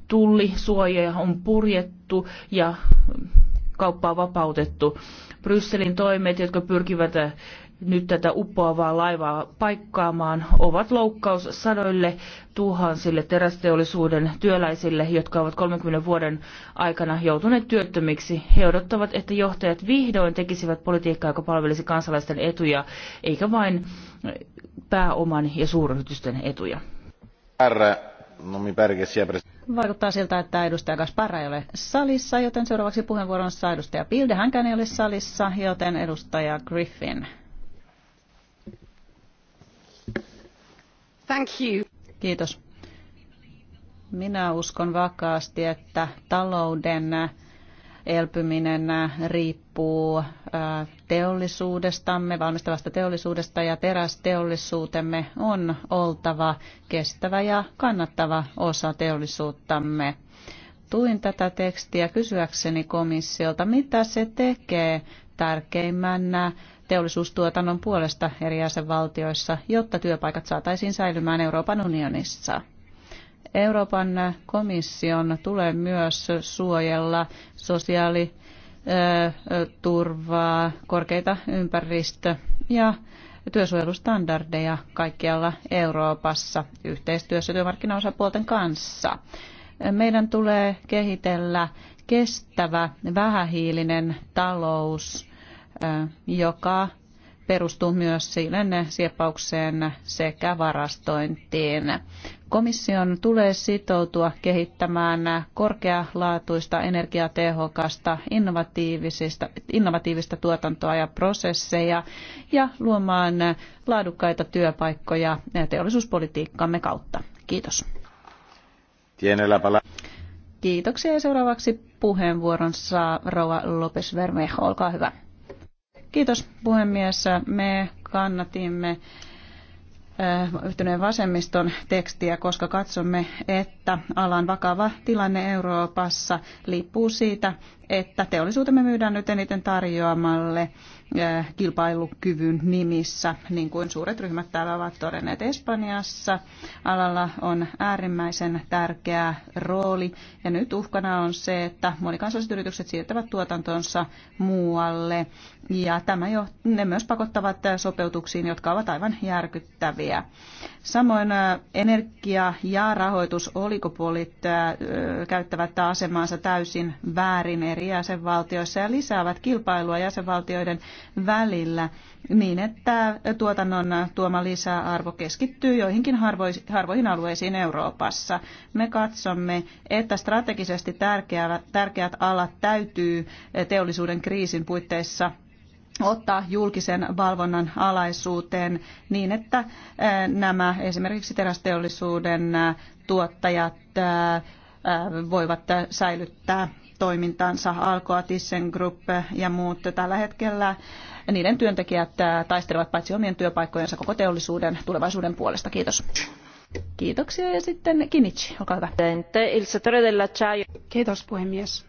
[SPEAKER 3] tullisuoja on purjettu ja kauppaa vapautettu. Brysselin toimet, jotka pyrkivät nyt tätä uppoavaa laivaa paikkaamaan, ovat loukkaus sadoille tuhansille terästeollisuuden työläisille, jotka ovat 30 vuoden aikana joutuneet työttömiksi. He odottavat, että johtajat vihdoin tekisivät politiikkaa, joka palvelisi kansalaisten etuja, eikä vain pääoman ja suuryritysten etuja.
[SPEAKER 1] Herra, no mi pare sia
[SPEAKER 6] Vaikuttaa siltä, että edustaja Gasparra ei ole salissa, joten seuraavaksi puheenvuoron saa edustaja Pilde. Hänkään ei ole salissa, joten edustaja Griffin. Thank you. Kiitos. Minä uskon vakaasti, että talouden elpyminen riippuu riippuu teollisuudestamme, valmistavasta teollisuudesta ja terästeollisuutemme on oltava kestävä ja kannattava osa teollisuuttamme. Tuin tätä tekstiä kysyäkseni komissiolta, mitä se tekee tärkeimmän teollisuustuotannon puolesta eri jäsenvaltioissa, jotta työpaikat saataisiin säilymään Euroopan unionissa. Euroopan komission tulee myös suojella sosiaali- turvaa, korkeita ympäristö- ja työsuojelustandardeja kaikkialla Euroopassa yhteistyössä työmarkkinaosapuolten kanssa. Meidän tulee kehitellä kestävä, vähähiilinen talous, joka perustuu myös siilen sieppaukseen sekä varastointiin. Komission tulee sitoutua kehittämään korkealaatuista, energiatehokasta, innovatiivisista, innovatiivista tuotantoa ja prosesseja ja luomaan laadukkaita työpaikkoja teollisuuspolitiikkamme kautta. Kiitos. Kiitoksia ja seuraavaksi puheenvuoron saa Rova Lopes Vermejo. Olkaa hyvä. Kiitos puhemies. Me kannatimme äh, yhtyneen vasemmiston tekstiä, koska katsomme, että alan vakava tilanne Euroopassa liippuu siitä, että teollisuutemme myydään nyt eniten tarjoamalle eh, kilpailukyvyn nimissä, niin kuin suuret ryhmät täällä ovat todenneet Espanjassa. Alalla on äärimmäisen tärkeä rooli ja nyt uhkana on se, että monikansalliset yritykset siirtävät tuotantonsa muualle ja tämä jo, ne myös pakottavat eh, sopeutuksiin, jotka ovat aivan järkyttäviä. Samoin eh, energia- ja rahoitusoligopolit käyttävät asemaansa täysin väärin eri jäsenvaltioissa ja lisäävät kilpailua jäsenvaltioiden välillä niin, että tuotannon tuoma lisäarvo keskittyy joihinkin harvoihin alueisiin Euroopassa. Me katsomme, että strategisesti tärkeät alat täytyy teollisuuden kriisin puitteissa ottaa julkisen valvonnan alaisuuteen niin, että nämä esimerkiksi terästeollisuuden tuottajat voivat säilyttää toimintansa, Alcoa, Group ja muut. Tällä hetkellä niiden työntekijät äh, taistelevat paitsi omien työpaikkojensa koko teollisuuden tulevaisuuden puolesta. Kiitos. Kiitoksia
[SPEAKER 7] ja sitten Kinichi, olkaa hyvä. Kiitos puhemies.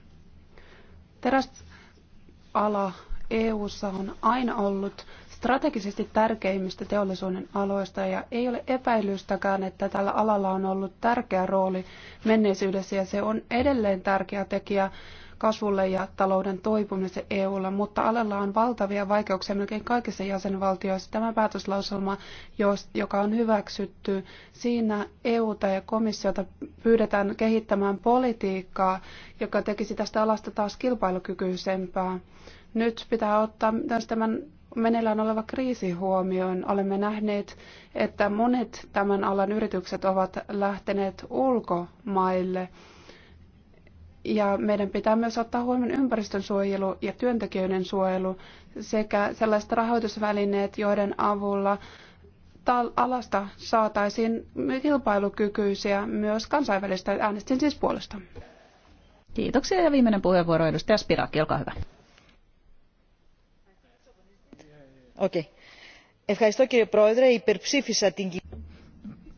[SPEAKER 7] Teräsala EU:ssa on aina ollut strategisesti tärkeimmistä teollisuuden aloista ja ei ole epäilystäkään, että tällä alalla on ollut tärkeä rooli menneisyydessä ja se on edelleen tärkeä tekijä kasvulle ja talouden toipumisen EUlla, mutta alalla on valtavia vaikeuksia melkein kaikissa jäsenvaltioissa. Tämä päätöslauselma, joka on hyväksytty, siinä EUta ja komissiota pyydetään kehittämään politiikkaa, joka tekisi tästä alasta taas kilpailukykyisempää. Nyt pitää ottaa myös tämän meneillään oleva kriisi huomioon, olemme nähneet, että monet tämän alan yritykset ovat lähteneet ulkomaille. Ja meidän pitää myös ottaa huomioon ympäristönsuojelu ja työntekijöiden suojelu sekä sellaiset rahoitusvälineet, joiden avulla alasta saataisiin kilpailukykyisiä myös kansainvälistä. Äänestin siis puolesta. Kiitoksia ja viimeinen
[SPEAKER 6] puheenvuoro edustaja Spiraki, olkaa hyvä.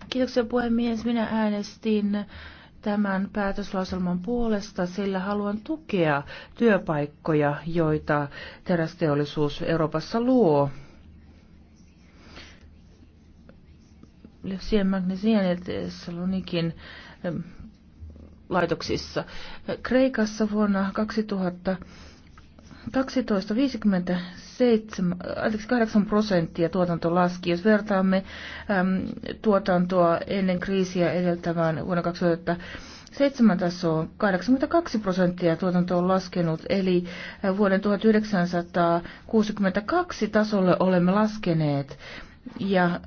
[SPEAKER 6] Kiitoksia puhemies.
[SPEAKER 3] Minä äänestin tämän päätöslauselman puolesta, sillä haluan tukea työpaikkoja, joita terästeollisuus Euroopassa luo. Lypsien magnesianit Salonikin laitoksissa. Kreikassa vuonna 2012 57 8 prosenttia tuotanto laski. Jos vertaamme äm, tuotantoa ennen kriisiä edeltävään vuonna 2000, tasoon 82 prosenttia tuotanto on laskenut, eli vuoden 1962 tasolle olemme laskeneet. Ja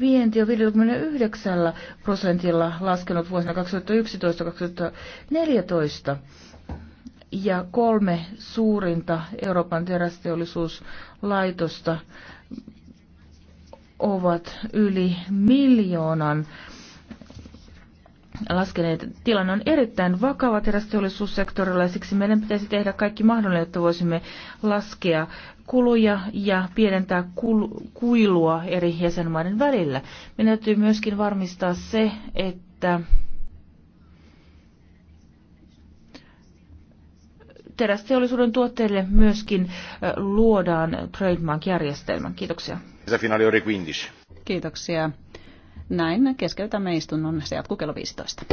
[SPEAKER 3] vienti on 59 prosentilla laskenut vuosina 2011-2014 ja kolme suurinta Euroopan terästeollisuuslaitosta ovat yli miljoonan laskeneet. Tilanne on erittäin vakava terästeollisuussektorilla ja siksi meidän pitäisi tehdä kaikki mahdollinen, jotta voisimme laskea kuluja ja pienentää kuilua eri jäsenmaiden välillä. Meidän täytyy myöskin varmistaa se, että terästeollisuuden tuotteille myöskin luodaan
[SPEAKER 6] trademark-järjestelmä. Kiitoksia. Kiitoksia. Näin keskeytämme istunnon. Se jatkuu kello 15.